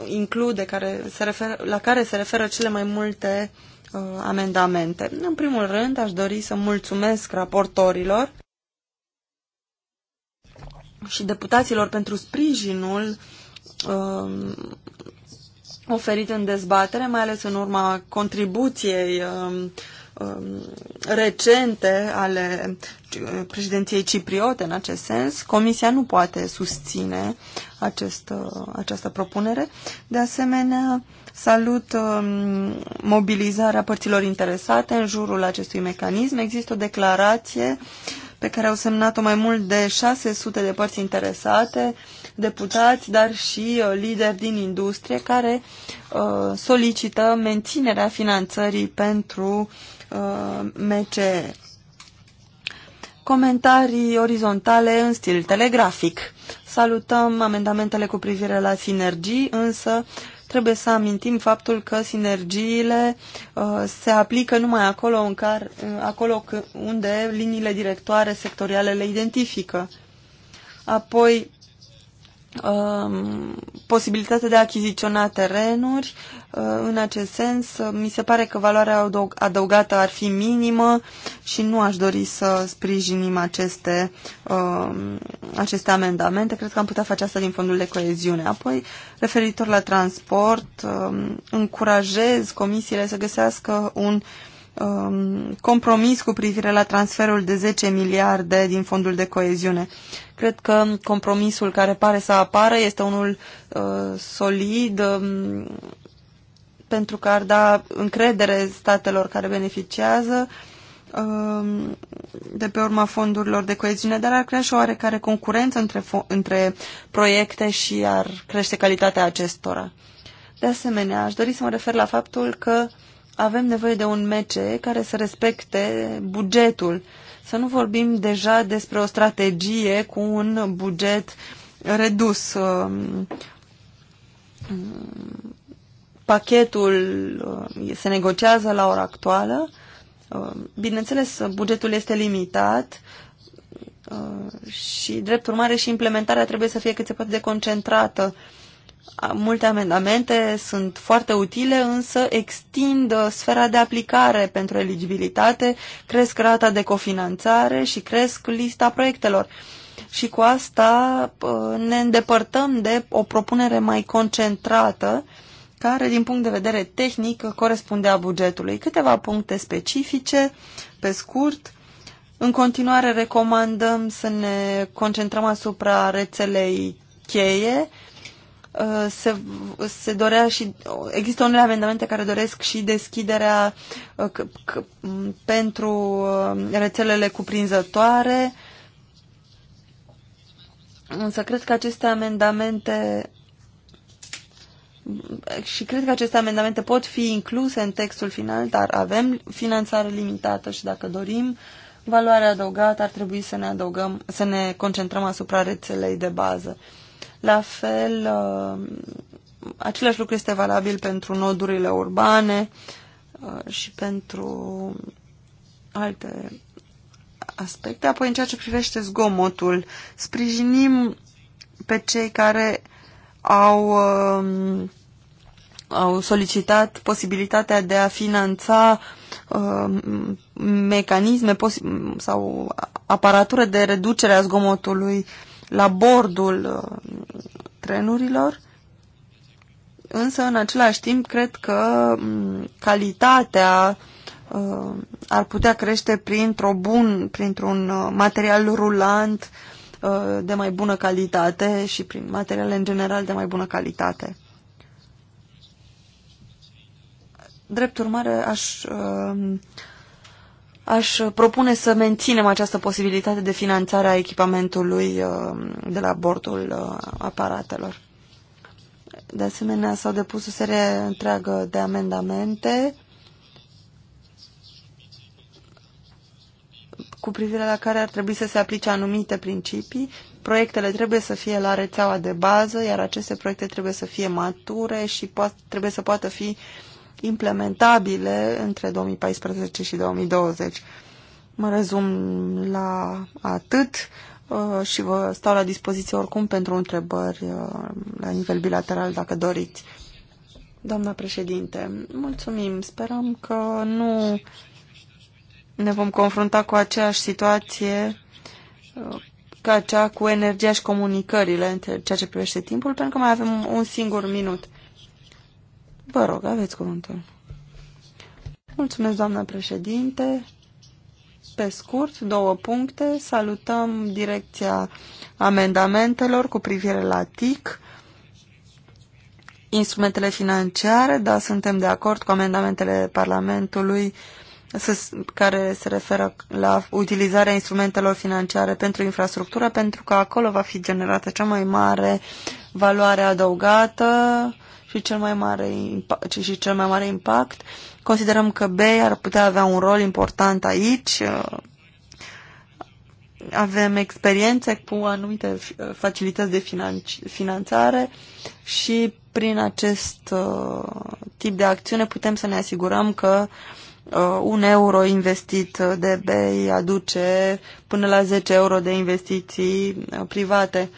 include, care se refer, la care se referă cele mai multe amendamente. În primul rând, aș dori să mulțumesc raportorilor și deputaților pentru sprijinul uh, oferit în dezbatere, mai ales în urma contribuției uh, recente ale uh, președinției cipriote în acest sens. Comisia nu poate susține acest, uh, această propunere. De asemenea, salut mobilizarea părților interesate în jurul acestui mecanism. Există o declarație uh, pe care au semnat-o mai mult de 600 de părți interesate, deputați, dar și uh, lideri din industrie care uh, solicită menținerea finanțării pentru uh, MCE. Comentarii orizontale în stil telegrafic. Salutăm amendamentele cu privire la sinergii, însă uh, trebuie să amintim faptul că sinergiile uh, se aplică numai acolo, în care, uh, acolo unde liniile directoare sectoriale le identifică. Apoi, Um, posibilitatea de a achiziționa terenuri. Uh, în acest sens, uh, mi se pare că valoarea adăugată ar fi minimă și nu aș dori să sprijinim aceste, um, aceste amendamente. Cred că am putea face asta din fondul de coeziune. Apoi, referitor la transport, um, încurajez comisiile să găsească un um, compromis cu privire la transferul de 10 miliarde din fondul de coeziune. Cred că compromisul care pare să apară este unul uh, solid um, pentru că ar da încredere statelor care beneficiază um, de pe urma fondurilor de coeziune, dar ar crea și oarecare concurență între, între proiecte și ar crește calitatea acestora. De asemenea, aș dori să mă refer la faptul că uh, avem nevoie de un mece care să respecte bugetul. Să nu vorbim deja despre o strategie cu un buget redus. Um, pachetul uh, se negociază la ora actuală. Um, bineînțeles, bugetul este limitat uh, și, drept urmare, și implementarea trebuie să fie cât se poate de concentrată Multe amendamente sunt foarte utile, însă extind uh, sfera de aplicare pentru eligibilitate, cresc rata de cofinanțare și cresc lista proiectelor. Și cu asta uh, ne îndepărtăm de o propunere mai concentrată, care, din punct de vedere tehnic, corespundea bugetului. Câteva puncte specifice, pe scurt. În continuare recomandăm să ne concentrăm asupra rețelei cheie, Uh, se, se dorea și există unele amendamente care doresc și deschiderea uh, pentru uh, rețelele cuprinzătoare. Însă cred că aceste amendamente și cred că aceste amendamente pot fi incluse în textul final, dar avem finanțare limitată și dacă dorim valoarea adăugată, ar trebui să ne adăugăm, să ne concentrăm asupra rețelei de bază. La fel, uh, același lucru este valabil pentru nodurile urbane uh, și pentru alte aspecte. Apoi, în ceea ce privește zgomotul, sprijinim pe cei care au, uh, au solicitat posibilitatea de a finanța mecanisme sau aparatură de reducere a zgomotului la bordul uh, trenurilor, însă în același timp cred că mm, calitatea uh, ar putea crește printr-o bun, printr-un uh, material rulant de mai bună calitate și prin materiale în general de mai bună calitate. Drept urmare, aș Aș uh, propune să menținem această posibilitate de finanțare a echipamentului uh, de la bordul uh, aparatelor. De asemenea, s-au depus o serie întreagă de amendamente cu privire la care ar trebui să se aplice anumite principii. Proiectele trebuie să fie la rețeaua de bază, iar aceste proiecte trebuie să fie mature și trebuie să poată fi uh, implementabile între 2014 și 2020. Mă rezum la atât uh, și vă stau la dispoziție oricum pentru întrebări uh, la nivel bilateral dacă doriți. Doamna președinte, mulțumim. Sperăm că nu ne vom confrunta cu aceeași situație uh, ca cea cu energia și comunicările între ceea ce privește timpul, pentru că mai avem un singur minut. Vă rog, aveți cuvântul. Mulțumesc, doamnă președinte. Pe scurt, două puncte. Salutăm direcția amendamentelor cu privire la TIC, instrumentele financiare, dar suntem de acord cu amendamentele Parlamentului care se referă la utilizarea instrumentelor financiare pentru infrastructură, pentru că acolo va fi generată cea mai mare valoare adăugată și cel mai mare, impact, și cel mai mare impact. Considerăm că B ar putea avea un rol important aici. Avem experiențe cu anumite facilități de finanțare și prin acest uh, tip de acțiune putem să ne asigurăm că uh, un euro investit de BEI aduce până la 10 euro de investiții uh, private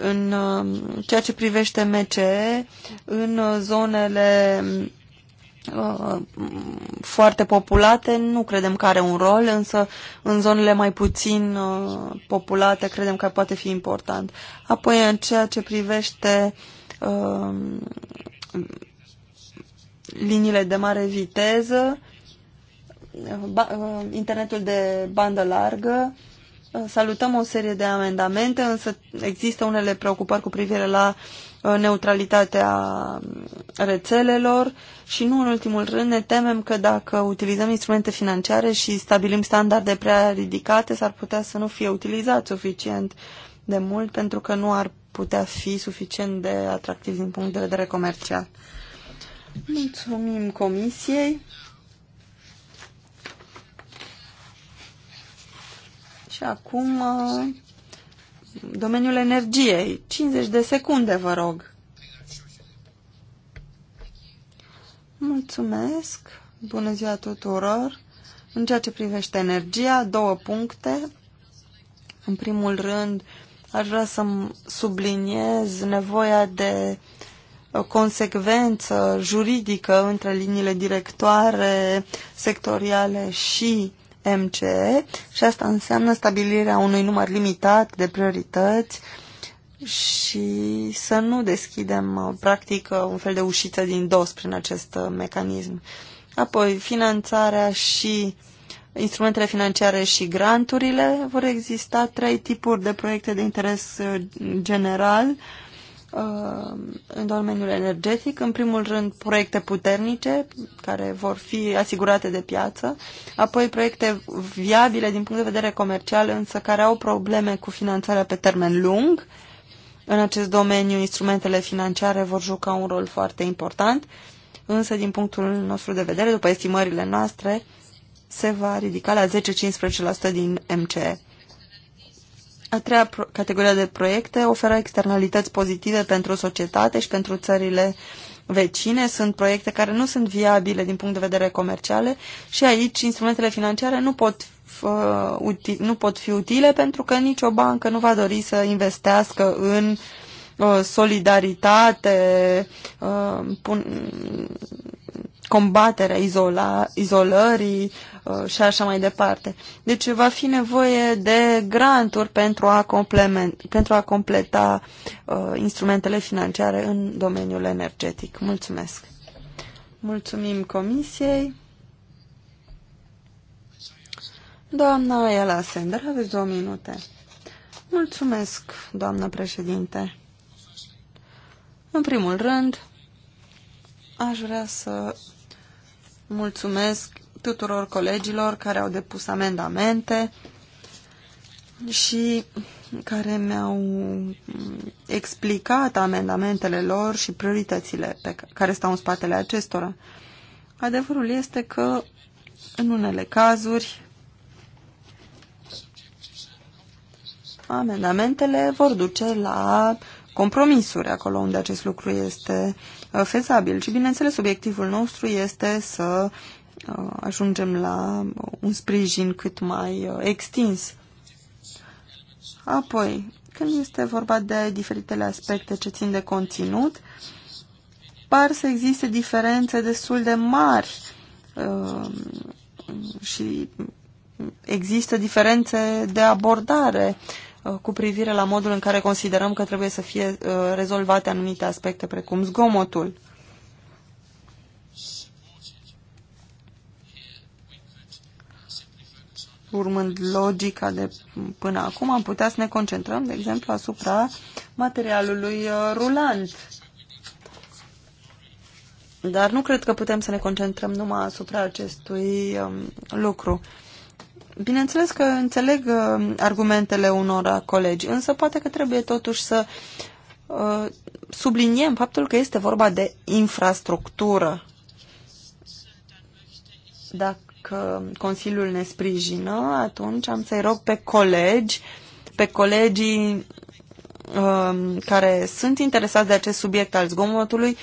în uh, ceea ce privește MCE, în zonele uh, foarte populate nu credem că are un rol, însă în zonele mai puțin uh, populate credem că poate fi important. Apoi în ceea ce privește liniile de mare viteză, internetul de bandă largă, Uh, salutăm o serie de amendamente, însă există unele preocupări cu privire la uh, neutralitatea um, rețelelor și nu în ultimul rând ne temem că dacă utilizăm instrumente financiare și stabilim standarde prea ridicate, s-ar putea să nu fie utilizat suficient de mult pentru că nu ar putea fi suficient de atractiv din punct de vedere comercial. Mulțumim Comisiei. Și acum uh, domeniul energiei. 50 de secunde, vă rog. Mulțumesc. Bună ziua tuturor. În ceea ce privește energia, două puncte. În primul rând, aș vrea să subliniez nevoia de uh, consecvență juridică între liniile directoare, sectoriale și MCE și asta înseamnă stabilirea unui număr limitat de priorități și să nu deschidem, uh, practic, uh, un fel de ușiță din dos prin acest uh, mecanism. Apoi, finanțarea și instrumentele financiare și granturile vor exista trei tipuri de proiecte de interes general uh, Uh, în domeniul energetic, în primul rând proiecte puternice care vor fi asigurate de piață, apoi proiecte viabile din punct de vedere comercial, însă care au probleme cu finanțarea pe termen lung. În acest domeniu, instrumentele financiare vor juca un rol foarte important, însă din punctul nostru de vedere, după estimările noastre, se va ridica la 10-15% din MCE. A treia categorie de proiecte oferă externalități pozitive pentru societate și pentru țările vecine. Sunt proiecte care nu sunt viabile din punct de vedere comerciale și aici instrumentele financiare nu pot, uh, nu pot fi utile pentru că nicio bancă nu va dori să investească în uh, Uh, solidaritate, uh, combaterea izola, izolării uh, și așa mai departe. Deci va fi nevoie de granturi pentru a, pentru a completa instrumentele financiare în domeniul energetic. Mulțumesc! Mulțumim Comisiei! Doamna Ayala Sender, aveți două minute. Mulțumesc, doamnă președinte. În primul rând, aș vrea să mulțumesc tuturor colegilor care au depus amendamente și care mi-au explicat amendamentele lor și prioritățile pe care stau în spatele acestora. Adevărul este că, în unele cazuri, amendamentele vor duce la compromisuri acolo unde acest lucru este uh, fezabil. Și, bineînțeles, obiectivul nostru este să uh, ajungem la un sprijin cât mai uh, extins. Apoi, când este vorba de diferitele aspecte ce țin de conținut, par să existe diferențe destul de mari și există diferențe de abordare Uh, cu privire la modul în care considerăm că trebuie să fie uh, rezolvate anumite aspecte, precum zgomotul. urmând logica de până acum, am putea să ne concentrăm, de exemplu, asupra materialului uh, rulant. Dar nu cred că putem să ne concentrăm numai asupra acestui um, lucru. Bineînțeles că înțeleg uh, argumentele unor colegi, însă poate că trebuie totuși să uh, subliniem faptul că este vorba de infrastructură. Dacă Consiliul ne sprijină, atunci am să-i rog pe colegi, pe colegii uh, care sunt interesați de acest subiect al zgomotului, uh,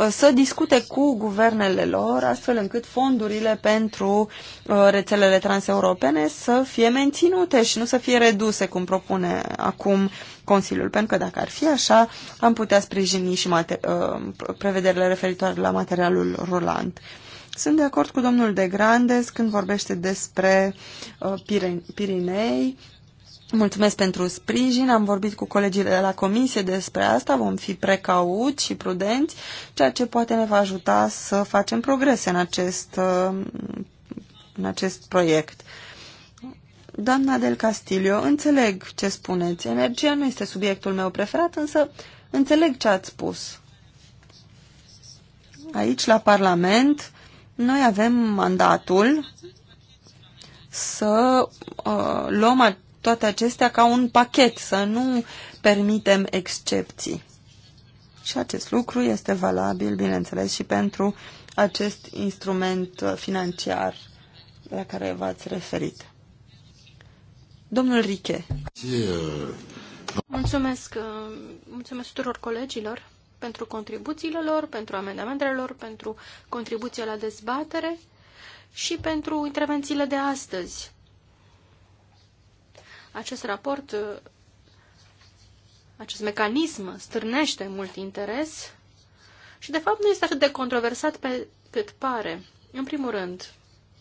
Uh, să discute cu guvernele lor, astfel încât fondurile pentru uh, rețelele transeuropene să fie menținute și nu să fie reduse, cum propune acum Consiliul. Pentru că dacă ar fi așa, am putea sprijini și uh, prevederile referitoare la materialul rulant. Sunt de acord cu domnul De Grandes când vorbește despre Pirinei, Mulțumesc pentru sprijin, am vorbit cu colegii de la comisie despre asta, vom fi precauți și prudenți, ceea ce poate ne va ajuta să facem progrese în acest, uh, în acest proiect. Doamna del Castillo, înțeleg ce spuneți. Energia nu este subiectul meu preferat, însă înțeleg ce ați spus. Aici, la Parlament, noi avem mandatul să uh, luăm toate acestea ca un pachet, să nu permitem excepții. Și acest lucru este valabil, bineînțeles, și pentru acest instrument financiar la care v-ați referit. Domnul Riche. Mulțumesc, uh, mulțumesc tuturor colegilor pentru contribuțiile lor, pentru amendamentele lor, pentru contribuția la dezbatere și pentru intervențiile de astăzi. Acest raport, uh, acest mecanism stârnește mult interes și, de fapt, nu este atât de controversat pe cât pare. În primul rând,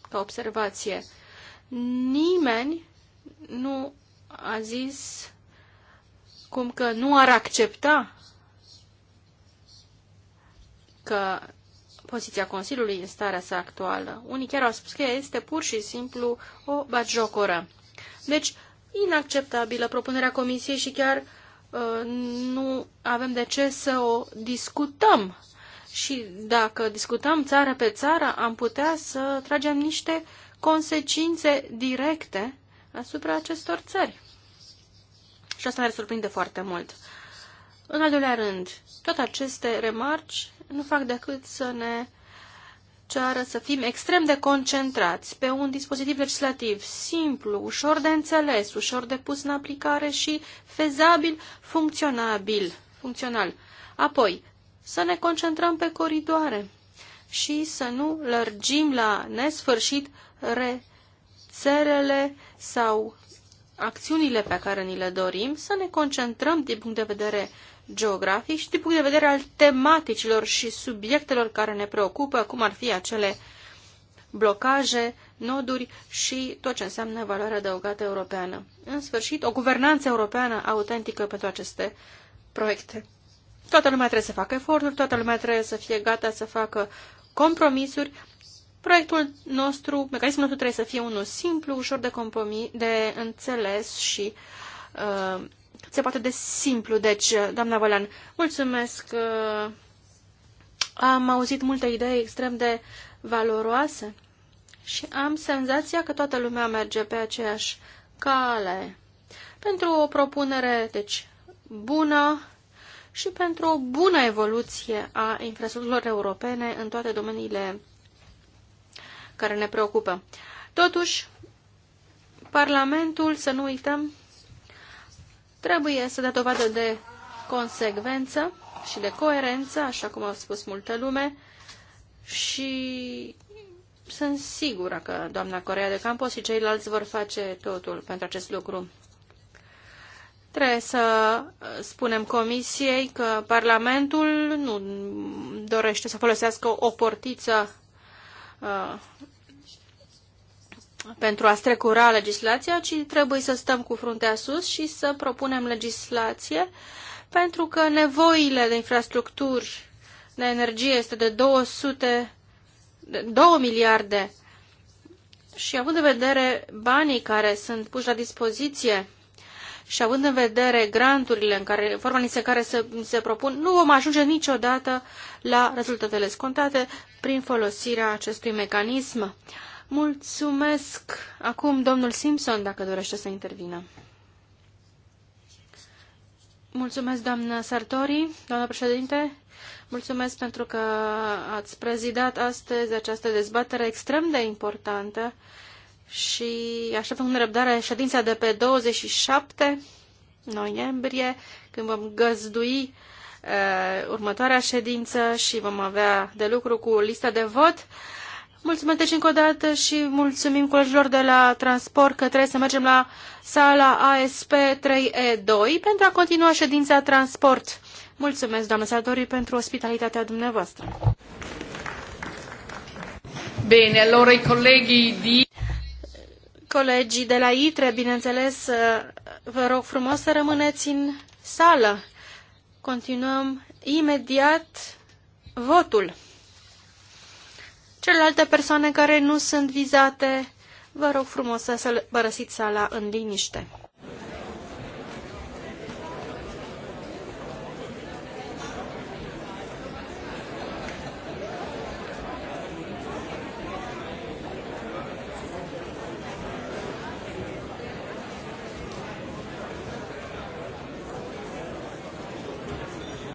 ca observație, nimeni nu a zis cum că nu ar accepta că poziția Consiliului în starea sa actuală. Unii chiar au spus că este pur și simplu o bagiocoră. Deci, inacceptabilă propunerea Comisiei și chiar uh, nu avem de ce să o discutăm. Și dacă discutăm țară pe țară, am putea să tragem niște consecințe directe asupra acestor țări. Și asta ne surprinde foarte mult. În al doilea rând, toate aceste remarci nu fac decât să ne ceară să fim extrem de concentrați pe un dispozitiv legislativ simplu, ușor de înțeles, ușor de pus în aplicare și fezabil, funcționabil, funcțional. Apoi, să ne concentrăm pe coridoare și să nu lărgim la nesfârșit rețelele sau acțiunile pe care ni le dorim, să ne concentrăm din punct de vedere geografic și din punct de vedere al tematicilor și subiectelor care ne preocupă, cum ar fi acele blocaje, noduri și tot ce înseamnă valoarea adăugată europeană. În sfârșit, o guvernanță europeană autentică pentru aceste proiecte. Toată lumea trebuie să facă eforturi, toată lumea trebuie să fie gata să facă compromisuri. Proiectul nostru, mecanismul nostru trebuie să fie unul simplu, ușor de, compromis, de înțeles și uh, se poate de simplu. Deci, doamna Volan, mulțumesc. Am auzit multe idei extrem de valoroase și am senzația că toată lumea merge pe aceeași cale. Pentru o propunere, deci, bună și pentru o bună evoluție a infrastructurilor europene în toate domeniile care ne preocupă. Totuși, Parlamentul, să nu uităm, Trebuie să dea dovadă de consecvență și de coerență, așa cum au spus multă lume, și sunt sigură că doamna Corea de Campos și ceilalți vor face totul pentru acest lucru. Trebuie să spunem Comisiei că Parlamentul nu dorește să folosească o portiță uh, pentru a strecura legislația, ci trebuie să stăm cu fruntea sus și să propunem legislație, pentru că nevoile de infrastructuri, de energie este de 200, 2 miliarde și având în vedere banii care sunt puși la dispoziție și având în vedere granturile în care, forma în care se, se propun, nu vom ajunge niciodată la rezultatele scontate prin folosirea acestui mecanism. Mulțumesc. Acum domnul Simpson, dacă dorește să intervină. Mulțumesc, doamnă Sartori, doamnă președinte. Mulțumesc pentru că ați prezidat astăzi această dezbatere extrem de importantă și așteptăm cu nerăbdare ședința de pe 27 noiembrie, când vom găzdui uh, următoarea ședință și vom avea de lucru cu lista de vot. Uh, Mulțumesc deci încă o dată și mulțumim colegilor de la transport că trebuie să mergem la sala ASP 3E2 pentru a continua ședința transport. Mulțumesc, doamnă Sadori, pentru ospitalitatea dumneavoastră. Bine, lor i colleghi di... Colegii de la ITRE, bineînțeles, uh, vă rog frumos să rămâneți în sală. Continuăm imediat votul. Celelalte persoane care nu sunt vizate, vă rog frumos să părăsiți sala în liniște.